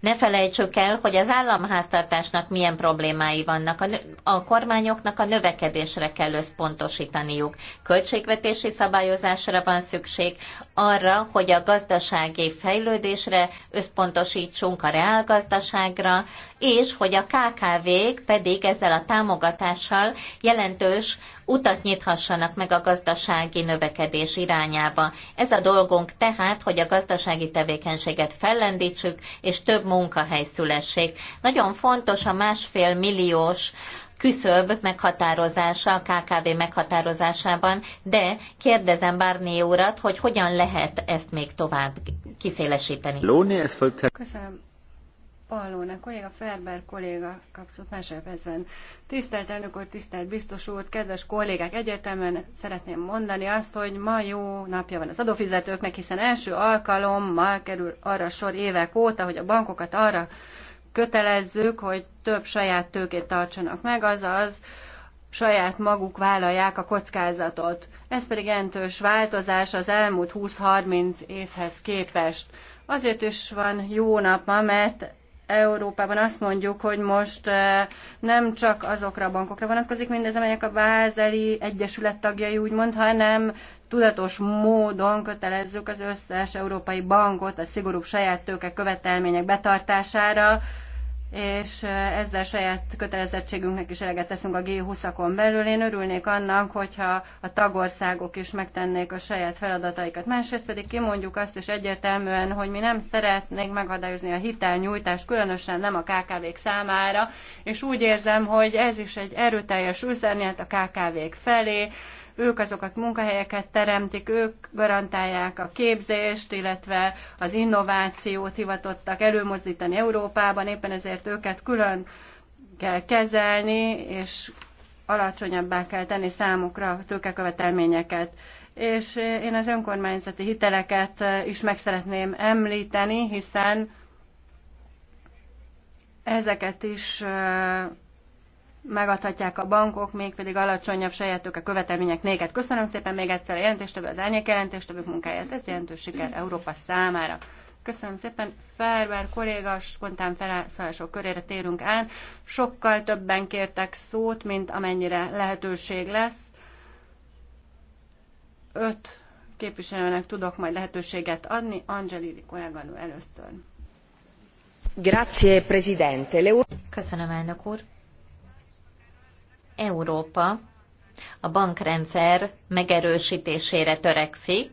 Ne felejtsük el, hogy az államháztartásnak milyen problémái vannak. A, a kormányoknak a növekedésre kell összpontosítaniuk. Költségvetési szabályozásra van szükség, arra, hogy a gazdasági fejlődésre összpontosítsunk a reálgazdaságra, és hogy a KKV-k pedig ezzel a támogatással jelentős utat nyithassanak meg a gazdasági növekedés irányába. Ez a dolgunk tehát, hogy a gazdasági tevékenységet fellendítsük, és több munkahely szülessék. Nagyon fontos a másfél milliós küszöbb meghatározása a KKV meghatározásában, de kérdezem Barné urat, hogy hogyan lehet ezt még tovább kiszélesíteni. Köszönöm. Pallóna kolléga, Ferber kolléga kapszott másodpercben. Tisztelt elnök úr, tisztelt biztos úr, kedves kollégák, egyértelműen szeretném mondani azt, hogy ma jó napja van az adófizetőknek, hiszen első alkalommal kerül arra sor évek óta, hogy a bankokat arra kötelezzük, hogy több saját tőkét tartsanak meg, azaz saját maguk vállalják a kockázatot. Ez pedig jelentős változás az elmúlt 20-30 évhez képest. Azért is van jó nap ma, mert Európában azt mondjuk, hogy most eh, nem csak azokra a bankokra vonatkozik mindez, amelyek a Bázeli Egyesület tagjai úgymond, hanem tudatos módon kötelezzük az összes európai bankot a szigorúbb saját tőke követelmények betartására, és ezzel a saját kötelezettségünknek is eleget teszünk a G20-akon belül. Én örülnék annak, hogyha a tagországok is megtennék a saját feladataikat. Másrészt pedig kimondjuk azt is egyértelműen, hogy mi nem szeretnénk megadályozni a hitelnyújtást, különösen nem a KKV-k számára, és úgy érzem, hogy ez is egy erőteljes üzenet a KKV-k felé, ők azokat munkahelyeket teremtik, ők garantálják a képzést, illetve az innovációt hivatottak előmozdítani Európában, éppen ezért őket külön kell kezelni, és alacsonyabbá kell tenni számukra a tőkekövetelményeket. És én az önkormányzati hiteleket is meg szeretném említeni, hiszen ezeket is megadhatják a bankok, mégpedig alacsonyabb sajátok a követelmények néket. Köszönöm szépen még egyszer a jelentéstevő, az árnyék jelentéstevők munkáját. Ez jelentős siker Európa számára. Köszönöm szépen. Ferber kolléga, spontán felszólások körére térünk át. Sokkal többen kértek szót, mint amennyire lehetőség lesz. Öt képviselőnek tudok majd lehetőséget adni. Angelili kolléganő először. Grazie, Presidente. Köszönöm, elnök úr. Európa a bankrendszer megerősítésére törekszik,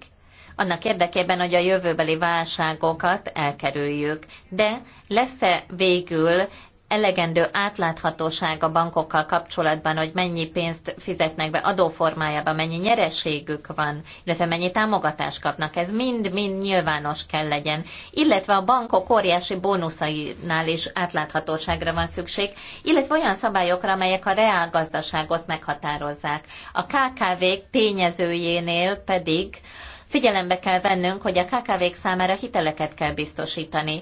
annak érdekében, hogy a jövőbeli válságokat elkerüljük. De lesz-e végül elegendő átláthatóság a bankokkal kapcsolatban, hogy mennyi pénzt fizetnek be adóformájában, mennyi nyereségük van, illetve mennyi támogatást kapnak. Ez mind-mind nyilvános kell legyen. Illetve a bankok óriási bónuszainál is átláthatóságra van szükség, illetve olyan szabályokra, amelyek a reálgazdaságot meghatározzák. A KKV-k tényezőjénél pedig Figyelembe kell vennünk, hogy a KKV-k számára hiteleket kell biztosítani.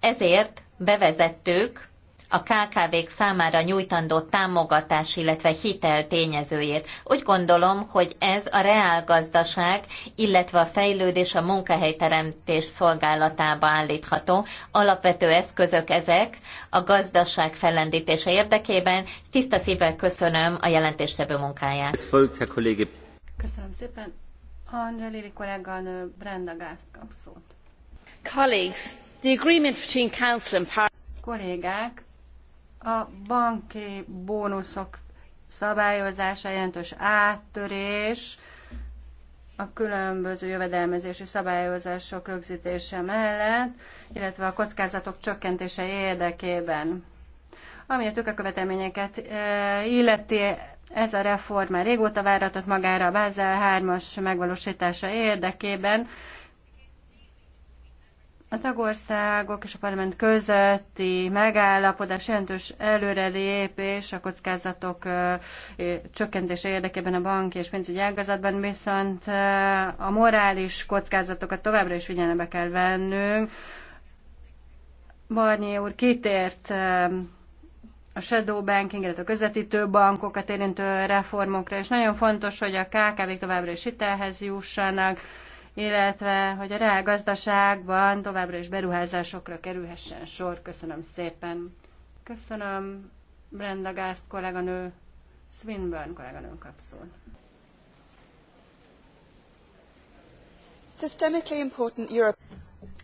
Ezért bevezettük a KKV-k számára nyújtandó támogatás, illetve hitel tényezőjét. Úgy gondolom, hogy ez a reálgazdaság, illetve a fejlődés a munkahelyteremtés szolgálatába állítható. Alapvető eszközök ezek a gazdaság fellendítése érdekében. Tiszta szívvel köszönöm a jelentéstevő munkáját. Köszönöm szépen. Angelili kolléganő Brenda Gázt kap szót. Colleagues, the agreement between Council and Parliament kollégák, a banki bónuszok szabályozása jelentős áttörés a különböző jövedelmezési szabályozások rögzítése mellett, illetve a kockázatok csökkentése érdekében. Ami a tőkekövetelményeket eh, illeti, ez a reform már régóta váratott magára a Bázel 3-as megvalósítása érdekében, a tagországok és a parlament közötti megállapodás jelentős előrelépés a kockázatok csökkentése érdekében a banki és pénzügyi ágazatban, viszont a morális kockázatokat továbbra is figyelembe kell vennünk. Barnyi úr kitért a shadow banking, illetve a közvetítő bankokat érintő reformokra, és nagyon fontos, hogy a KKV-k továbbra is hitelhez jussanak, illetve hogy a reálgazdaságban továbbra is beruházásokra kerülhessen sor. Köszönöm szépen. Köszönöm Brenda Gázt kolléganő, Swinburne kolléganő kapszul. Systemically important Europe.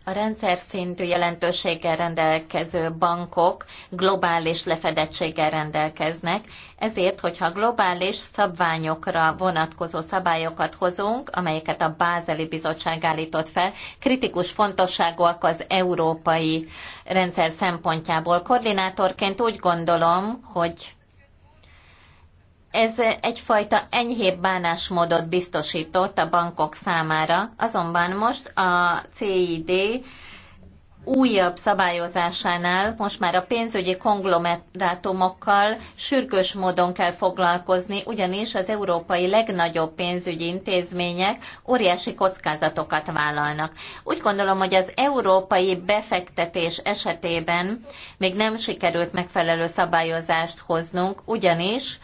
A rendszer szintű jelentőséggel rendelkező bankok globális lefedettséggel rendelkeznek, ezért, hogyha globális szabványokra vonatkozó szabályokat hozunk, amelyeket a Bázeli Bizottság állított fel, kritikus fontosságúak az európai rendszer szempontjából. Koordinátorként úgy gondolom, hogy ez egyfajta enyhébb bánásmódot biztosított a bankok számára, azonban most a CID újabb szabályozásánál most már a pénzügyi konglomerátumokkal sürgős módon kell foglalkozni, ugyanis az európai legnagyobb pénzügyi intézmények óriási kockázatokat vállalnak. Úgy gondolom, hogy az európai befektetés esetében még nem sikerült megfelelő szabályozást hoznunk, ugyanis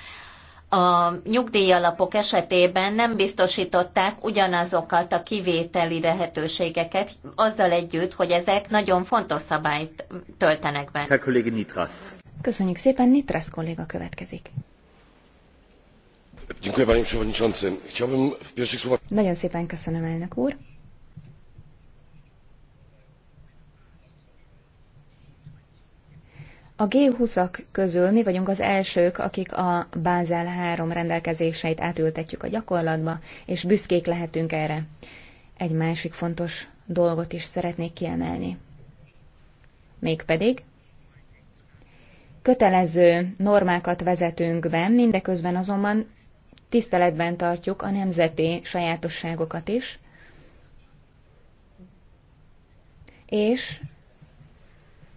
a nyugdíjalapok esetében nem biztosították ugyanazokat a kivételi lehetőségeket, azzal együtt, hogy ezek nagyon fontos szabályt töltenek be. Köszönjük szépen, Nitras kolléga következik. Nagyon szépen köszönöm, elnök úr. A G20-ak közül mi vagyunk az elsők, akik a Bázel 3 rendelkezéseit átültetjük a gyakorlatba, és büszkék lehetünk erre. Egy másik fontos dolgot is szeretnék kiemelni. Mégpedig kötelező normákat vezetünk be, mindeközben azonban tiszteletben tartjuk a nemzeti sajátosságokat is, és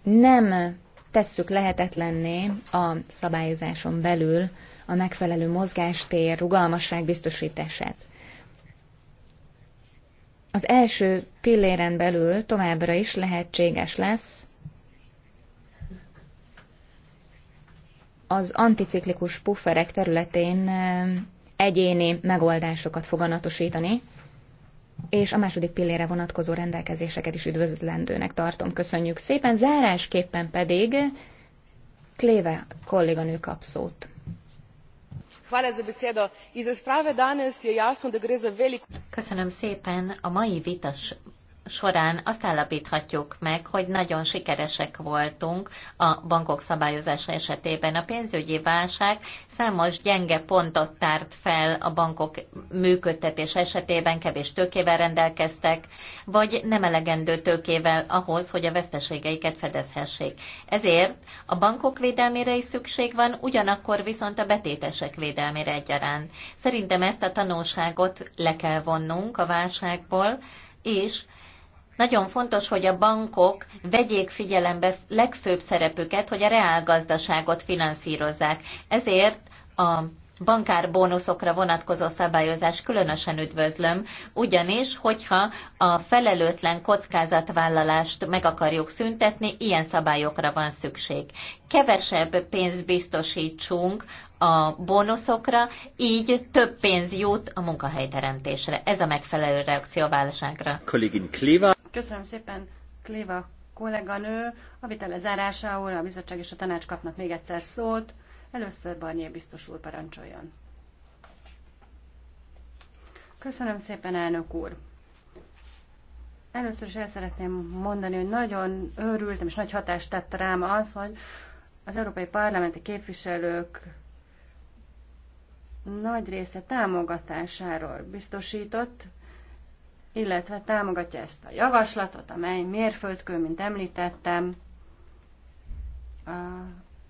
nem tesszük lehetetlenné a szabályozáson belül a megfelelő mozgástér, rugalmasság biztosítását. Az első pilléren belül továbbra is lehetséges lesz az anticiklikus pufferek területén eh, egyéni megoldásokat foganatosítani, és a második pillére vonatkozó rendelkezéseket is üdvözlendőnek tartom. Köszönjük szépen. Zárásképpen pedig Kléve kolléganő kap szót. Köszönöm szépen. A mai vitas során azt állapíthatjuk meg, hogy nagyon sikeresek voltunk a bankok szabályozása esetében. A pénzügyi válság számos gyenge pontot tárt fel a bankok működtetés esetében, kevés tőkével rendelkeztek, vagy nem elegendő tőkével ahhoz, hogy a veszteségeiket fedezhessék. Ezért a bankok védelmére is szükség van, ugyanakkor viszont a betétesek védelmére egyaránt. Szerintem ezt a tanulságot le kell vonnunk a válságból, és nagyon fontos, hogy a bankok vegyék figyelembe legfőbb szerepüket, hogy a reálgazdaságot finanszírozzák. Ezért a bankárbónuszokra vonatkozó szabályozás különösen üdvözlöm, ugyanis, hogyha a felelőtlen kockázatvállalást meg akarjuk szüntetni, ilyen szabályokra van szükség. Kevesebb pénzt biztosítsunk a bónuszokra, így több pénz jut a munkahelyteremtésre. Ez a megfelelő reakció a válságra. Köszönöm szépen, Kléva kolléganő. A vitele lezárásául a bizottság és a tanács kapnak még egyszer szót. Először Barnyé biztos úr parancsoljon. Köszönöm szépen, elnök úr. Először is el szeretném mondani, hogy nagyon örültem, és nagy hatást tett rám az, hogy az európai parlamenti képviselők nagy része támogatásáról biztosított, illetve támogatja ezt a javaslatot, amely mérföldkő, mint említettem, a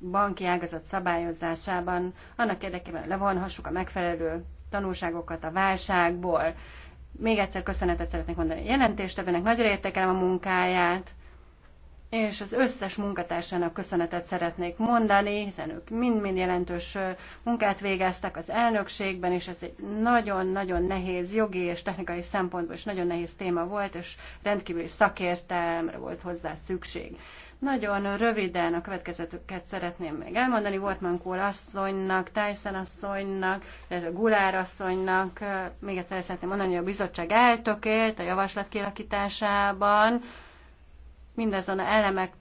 banki ágazat szabályozásában, annak érdekében levonhassuk a megfelelő tanulságokat a válságból. Még egyszer köszönetet szeretnék mondani a jelentéstevőnek, nagyra értékelem a munkáját, és az összes munkatársának köszönetet szeretnék mondani, hiszen ők mind-mind jelentős munkát végeztek az elnökségben, és ez egy nagyon-nagyon nehéz jogi és technikai szempontból is nagyon nehéz téma volt, és rendkívüli szakértelmre volt hozzá szükség. Nagyon röviden a következőket szeretném még elmondani. Wortman Kór asszonynak, Tyson asszonynak, illetve Gulár asszonynak. Még egyszer szeretném mondani, hogy a bizottság eltökélt a javaslat kialakításában, mindazon a elemek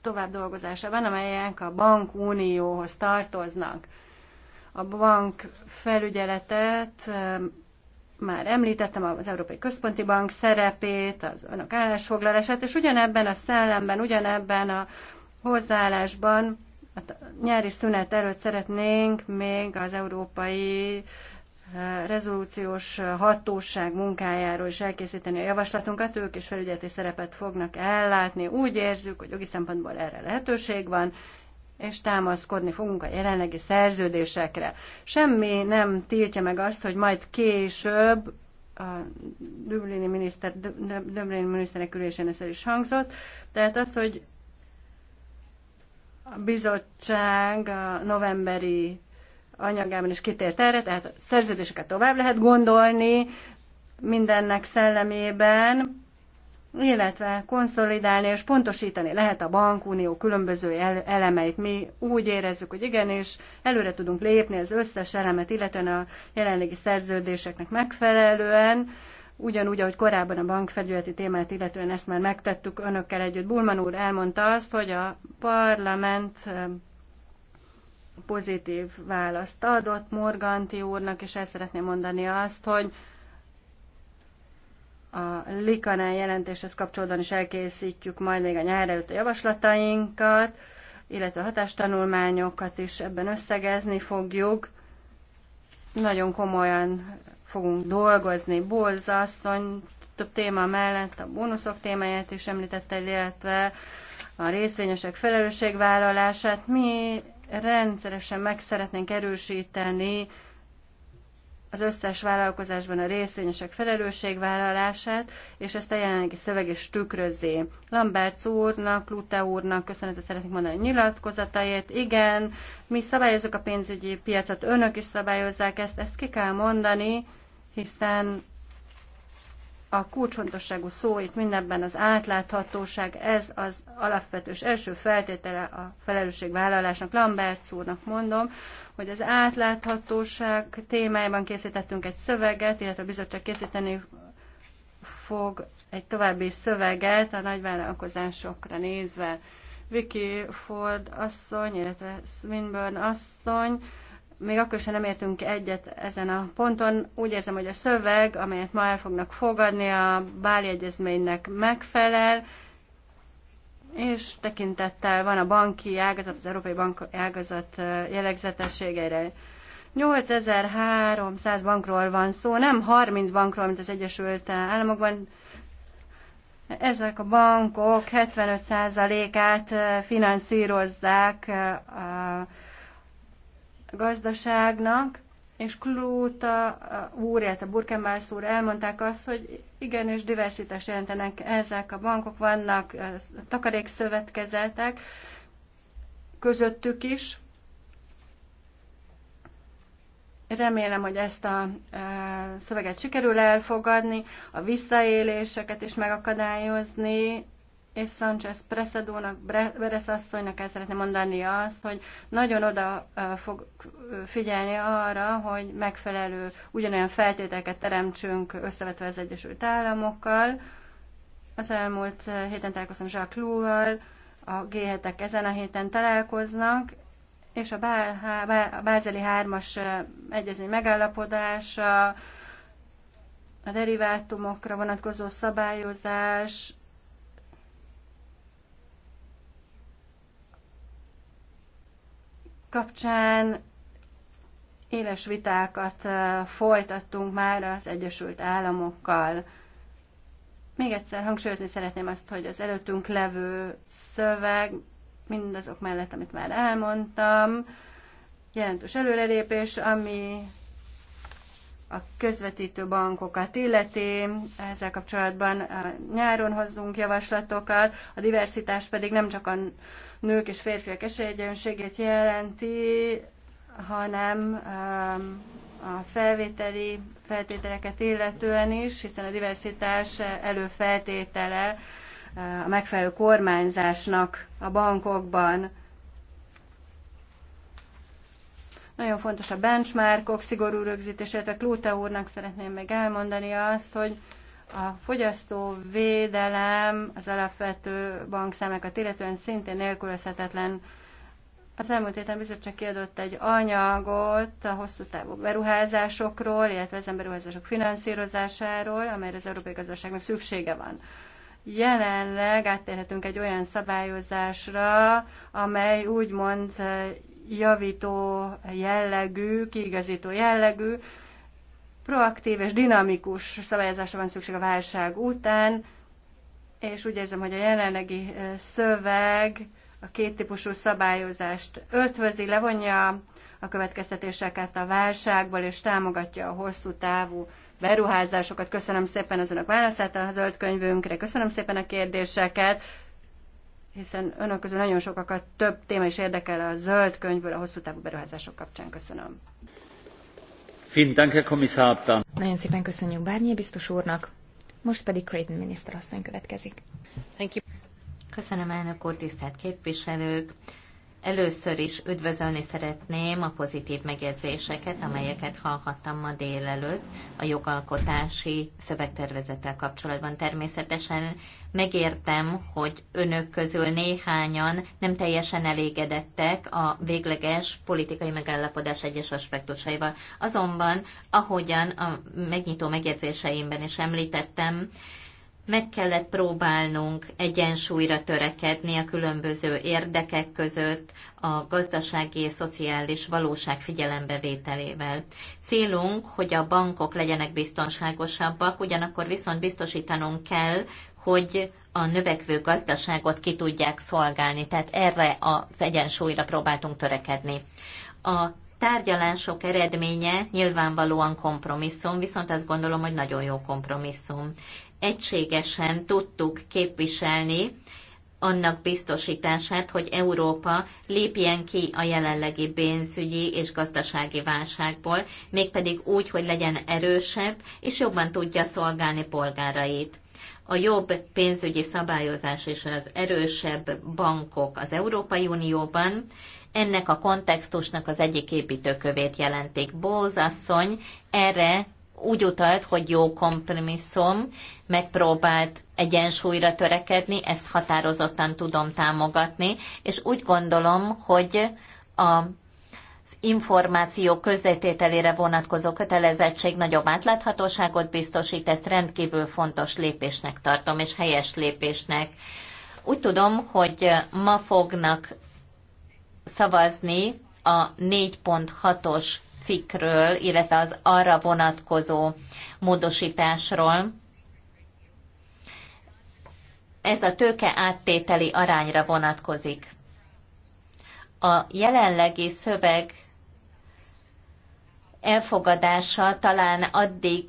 tovább dolgozásában, amelyek a bankunióhoz tartoznak. A bank felügyeletet már említettem az Európai Központi Bank szerepét, az önök állásfoglalását, és ugyanebben a szellemben, ugyanebben a hozzáállásban a nyári szünet előtt szeretnénk még az Európai rezolúciós hatóság munkájáról is elkészíteni a javaslatunkat, ők is felügyeleti szerepet fognak ellátni. Úgy érzük, hogy jogi szempontból erre lehetőség van, és támaszkodni fogunk a jelenlegi szerződésekre. Semmi nem tiltja meg azt, hogy majd később a Dublini, miniszter, Dublini miniszterek ülésén ez is hangzott, tehát az, hogy a bizottság a novemberi anyagában is kitért erre, tehát szerződéseket tovább lehet gondolni mindennek szellemében, illetve konszolidálni és pontosítani lehet a bankunió különböző elemeit. Mi úgy érezzük, hogy igenis előre tudunk lépni az összes elemet, illetően a jelenlegi szerződéseknek megfelelően, ugyanúgy, ahogy korábban a bankfelügyeleti témát, illetően ezt már megtettük önökkel együtt. Bulman úr elmondta azt, hogy a parlament pozitív választ adott Morganti úrnak, és el szeretném mondani azt, hogy a Likanán jelentéshez kapcsolódóan is elkészítjük majd még a nyár előtt a javaslatainkat, illetve a hatástanulmányokat is ebben összegezni fogjuk. Nagyon komolyan fogunk dolgozni. Bolz asszony több téma mellett a bónuszok témáját is említette, illetve a részvényesek felelősségvállalását. Mi rendszeresen meg szeretnénk erősíteni az összes vállalkozásban a részvényesek felelősségvállalását, és ezt a jelenlegi szöveg is tükrözi. Lambert úrnak, Lute úrnak köszönetet szeretnék mondani a nyilatkozatáért. Igen, mi szabályozunk a pénzügyi piacot, önök is szabályozzák ezt, ezt ki kell mondani, hiszen a kulcsfontosságú szó itt mindenben az átláthatóság, ez az alapvető és első feltétele a felelősségvállalásnak. Lambert úrnak mondom, hogy az átláthatóság témájában készítettünk egy szöveget, illetve a bizottság készíteni fog egy további szöveget a nagyvállalkozásokra nézve. Vicky Ford asszony, illetve Swinburne asszony, még akkor sem nem értünk egyet ezen a ponton. Úgy érzem, hogy a szöveg, amelyet ma el fognak fogadni, a Báli Egyezménynek megfelel, és tekintettel van a banki ágazat, az Európai Bank ágazat jellegzetességeire. 8300 bankról van szó, nem 30 bankról, mint az Egyesült Államokban. Ezek a bankok 75%-át finanszírozzák a gazdaságnak, és Klóta úr, a Burkenbász úr elmondták azt, hogy igen, és diversitás jelentenek ezek a bankok, vannak eh, takarékszövetkezetek közöttük is. Remélem, hogy ezt a eh, szöveget sikerül elfogadni, a visszaéléseket is megakadályozni, és Sanchez Presedónak, Beres asszonynak el szeretném mondani azt, hogy nagyon oda fog figyelni arra, hogy megfelelő ugyanolyan feltételeket teremtsünk összevetve az Egyesült Államokkal. Az elmúlt héten találkoztam Jacques Lou-val, a g ezen a héten találkoznak, és a Bázeli 3-as egyezmény megállapodása, a derivátumokra vonatkozó szabályozás, kapcsán éles vitákat folytattunk már az Egyesült Államokkal. Még egyszer hangsúlyozni szeretném azt, hogy az előttünk levő szöveg, mindazok mellett, amit már elmondtam, jelentős előrelépés, ami a közvetítő bankokat illeti. Ezzel kapcsolatban eh, nyáron hozzunk javaslatokat, a diversitás pedig nem csak a nők és férfiak esélyegyenlőségét jelenti, hanem eh, a felvételi feltételeket illetően is, hiszen a diversitás előfeltétele eh, a megfelelő kormányzásnak a bankokban. Nagyon fontos a benchmarkok szigorú rögzítés, illetve Klóta úrnak szeretném még elmondani azt, hogy a fogyasztó védelem, az alapvető bankszámokat illetően szintén nélkülözhetetlen. Az elmúlt héten bizottság kiadott egy anyagot a hosszú távú beruházásokról, illetve az beruházások finanszírozásáról, amelyre az európai gazdaságnak szüksége van. Jelenleg áttérhetünk egy olyan szabályozásra, amely úgymond javító jellegű, kiigazító jellegű, proaktív és dinamikus szabályozásra van szükség a válság után, és úgy érzem, hogy a jelenlegi szöveg a két típusú szabályozást ötvözi, levonja a következtetéseket a válságból, és támogatja a hosszú távú beruházásokat. Köszönöm szépen az önök válaszát a zöld könyvünkre, köszönöm szépen a kérdéseket, hiszen önök közül nagyon sokakat több téma is érdekel a zöld könyvből a hosszú távú beruházások kapcsán. Köszönöm. Nagyon szépen köszönjük Bárnyi biztos úrnak, most pedig Creighton asszony következik. Thank you. Köszönöm elnök úr, tisztelt képviselők! Először is üdvözölni szeretném a pozitív megjegyzéseket, amelyeket hallhattam ma délelőtt a jogalkotási szövegtervezettel kapcsolatban. Természetesen megértem, hogy önök közül néhányan nem teljesen elégedettek a végleges politikai megállapodás egyes aspektusaival. Azonban, ahogyan a megnyitó megjegyzéseimben is említettem, meg kellett próbálnunk egyensúlyra törekedni a különböző érdekek között a gazdasági és szociális valóság figyelembevételével. Célunk, hogy a bankok legyenek biztonságosabbak, ugyanakkor viszont biztosítanunk kell, hogy a növekvő gazdaságot ki tudják szolgálni. Tehát erre az egyensúlyra próbáltunk törekedni. A tárgyalások eredménye nyilvánvalóan kompromisszum, viszont azt gondolom, hogy nagyon jó kompromisszum egységesen tudtuk képviselni annak biztosítását, hogy Európa lépjen ki a jelenlegi pénzügyi és gazdasági válságból, mégpedig úgy, hogy legyen erősebb és jobban tudja szolgálni polgárait a jobb pénzügyi szabályozás és az erősebb bankok az Európai Unióban ennek a kontextusnak az egyik építőkövét jelentik. Bóz asszony erre úgy utalt, hogy jó kompromisszum, megpróbált egyensúlyra törekedni, ezt határozottan tudom támogatni, és úgy gondolom, hogy a az információ közzétételére vonatkozó kötelezettség nagyobb átláthatóságot biztosít, ezt rendkívül fontos lépésnek tartom, és helyes lépésnek. Úgy tudom, hogy ma fognak szavazni a 4.6-os cikkről, illetve az arra vonatkozó módosításról. Ez a tőke áttételi arányra vonatkozik. A jelenlegi szöveg elfogadása talán addig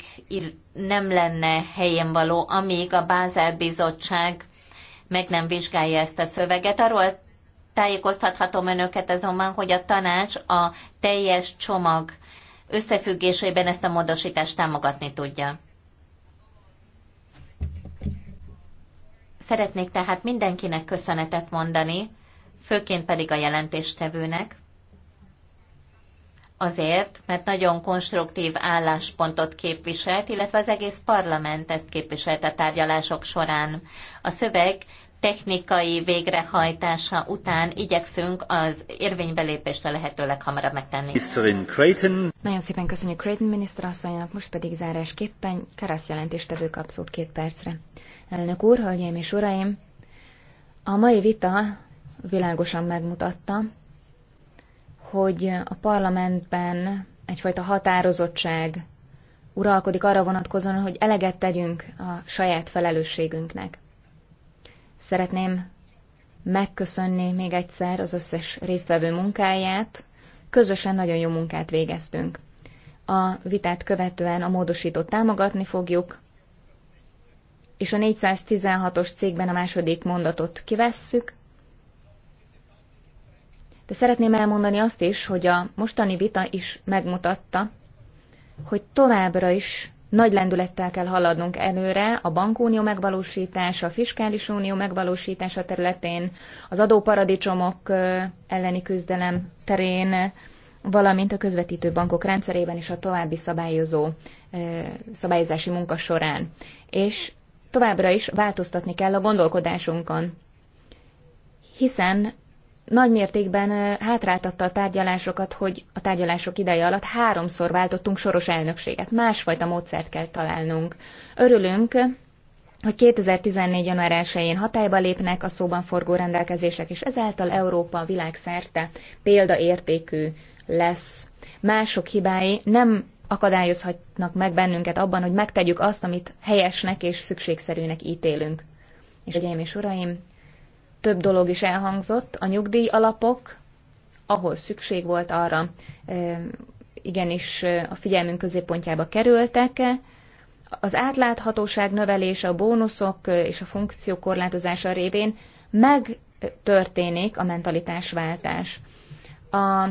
nem lenne helyen való, amíg a Bázel Bizottság meg nem vizsgálja ezt a szöveget. Arról Tájékoztathatom önöket azonban, hogy a tanács a teljes csomag összefüggésében ezt a módosítást támogatni tudja. Szeretnék tehát mindenkinek köszönetet mondani, főként pedig a jelentéstevőnek, azért, mert nagyon konstruktív álláspontot képviselt, illetve az egész parlament ezt képviselt a tárgyalások során. A szöveg technikai végrehajtása után igyekszünk az érvénybelépést a lehető leghamarabb megtenni. Nagyon szépen köszönjük Creighton miniszterasszonynak, most pedig zárásképpen Karasz jelentéstevő kap szót két percre. Elnök úr, hölgyeim és uraim, a mai vita világosan megmutatta, hogy a parlamentben egyfajta határozottság uralkodik arra vonatkozóan, hogy eleget tegyünk a saját felelősségünknek. Szeretném megköszönni még egyszer az összes résztvevő munkáját. Közösen nagyon jó munkát végeztünk. A vitát követően a módosítót támogatni fogjuk, és a 416-os cégben a második mondatot kivesszük, de szeretném elmondani azt is, hogy a mostani vita is megmutatta, hogy továbbra is nagy lendülettel kell haladnunk előre a bankunió megvalósítása, a fiskális unió megvalósítása területén, az adóparadicsomok elleni küzdelem terén, valamint a közvetítő bankok rendszerében és a további szabályozó szabályozási munka során. És továbbra is változtatni kell a gondolkodásunkon, hiszen nagy mértékben hátráltatta a tárgyalásokat, hogy a tárgyalások ideje alatt háromszor váltottunk soros elnökséget. Másfajta módszert kell találnunk. Örülünk, hogy 2014. január 1-én hatályba lépnek a szóban forgó rendelkezések, és ezáltal Európa világszerte példaértékű lesz. Mások hibái nem akadályozhatnak meg bennünket abban, hogy megtegyük azt, amit helyesnek és szükségszerűnek ítélünk. És egyeim és uraim, több dolog is elhangzott, a nyugdíj alapok, ahol szükség volt arra, igenis a figyelmünk középpontjába kerültek, az átláthatóság növelése, a bónuszok és a funkció korlátozása révén megtörténik a mentalitásváltás. A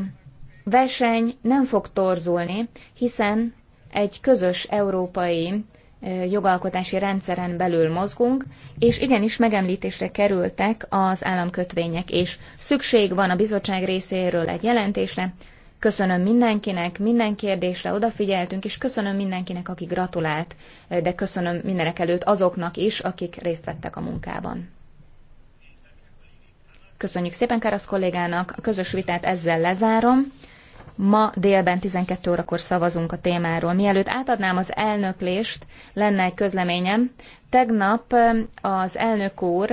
verseny nem fog torzulni, hiszen egy közös európai jogalkotási rendszeren belül mozgunk, és igenis megemlítésre kerültek az államkötvények, és szükség van a bizottság részéről egy jelentésre. Köszönöm mindenkinek, minden kérdésre odafigyeltünk, és köszönöm mindenkinek, aki gratulált, de köszönöm mindenek előtt azoknak is, akik részt vettek a munkában. Köszönjük szépen Karasz kollégának, a közös vitát ezzel lezárom. Ma délben 12 órakor szavazunk a témáról. Mielőtt átadnám az elnöklést, lenne egy közleményem. Tegnap az elnök úr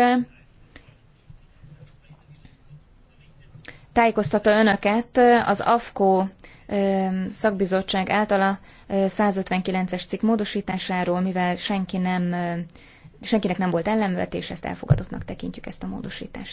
tájékoztatta önöket az AFKO szakbizottság által a 159-es cikk módosításáról, mivel senki nem, senkinek nem volt ellenvetés, ezt elfogadottnak tekintjük ezt a módosítást.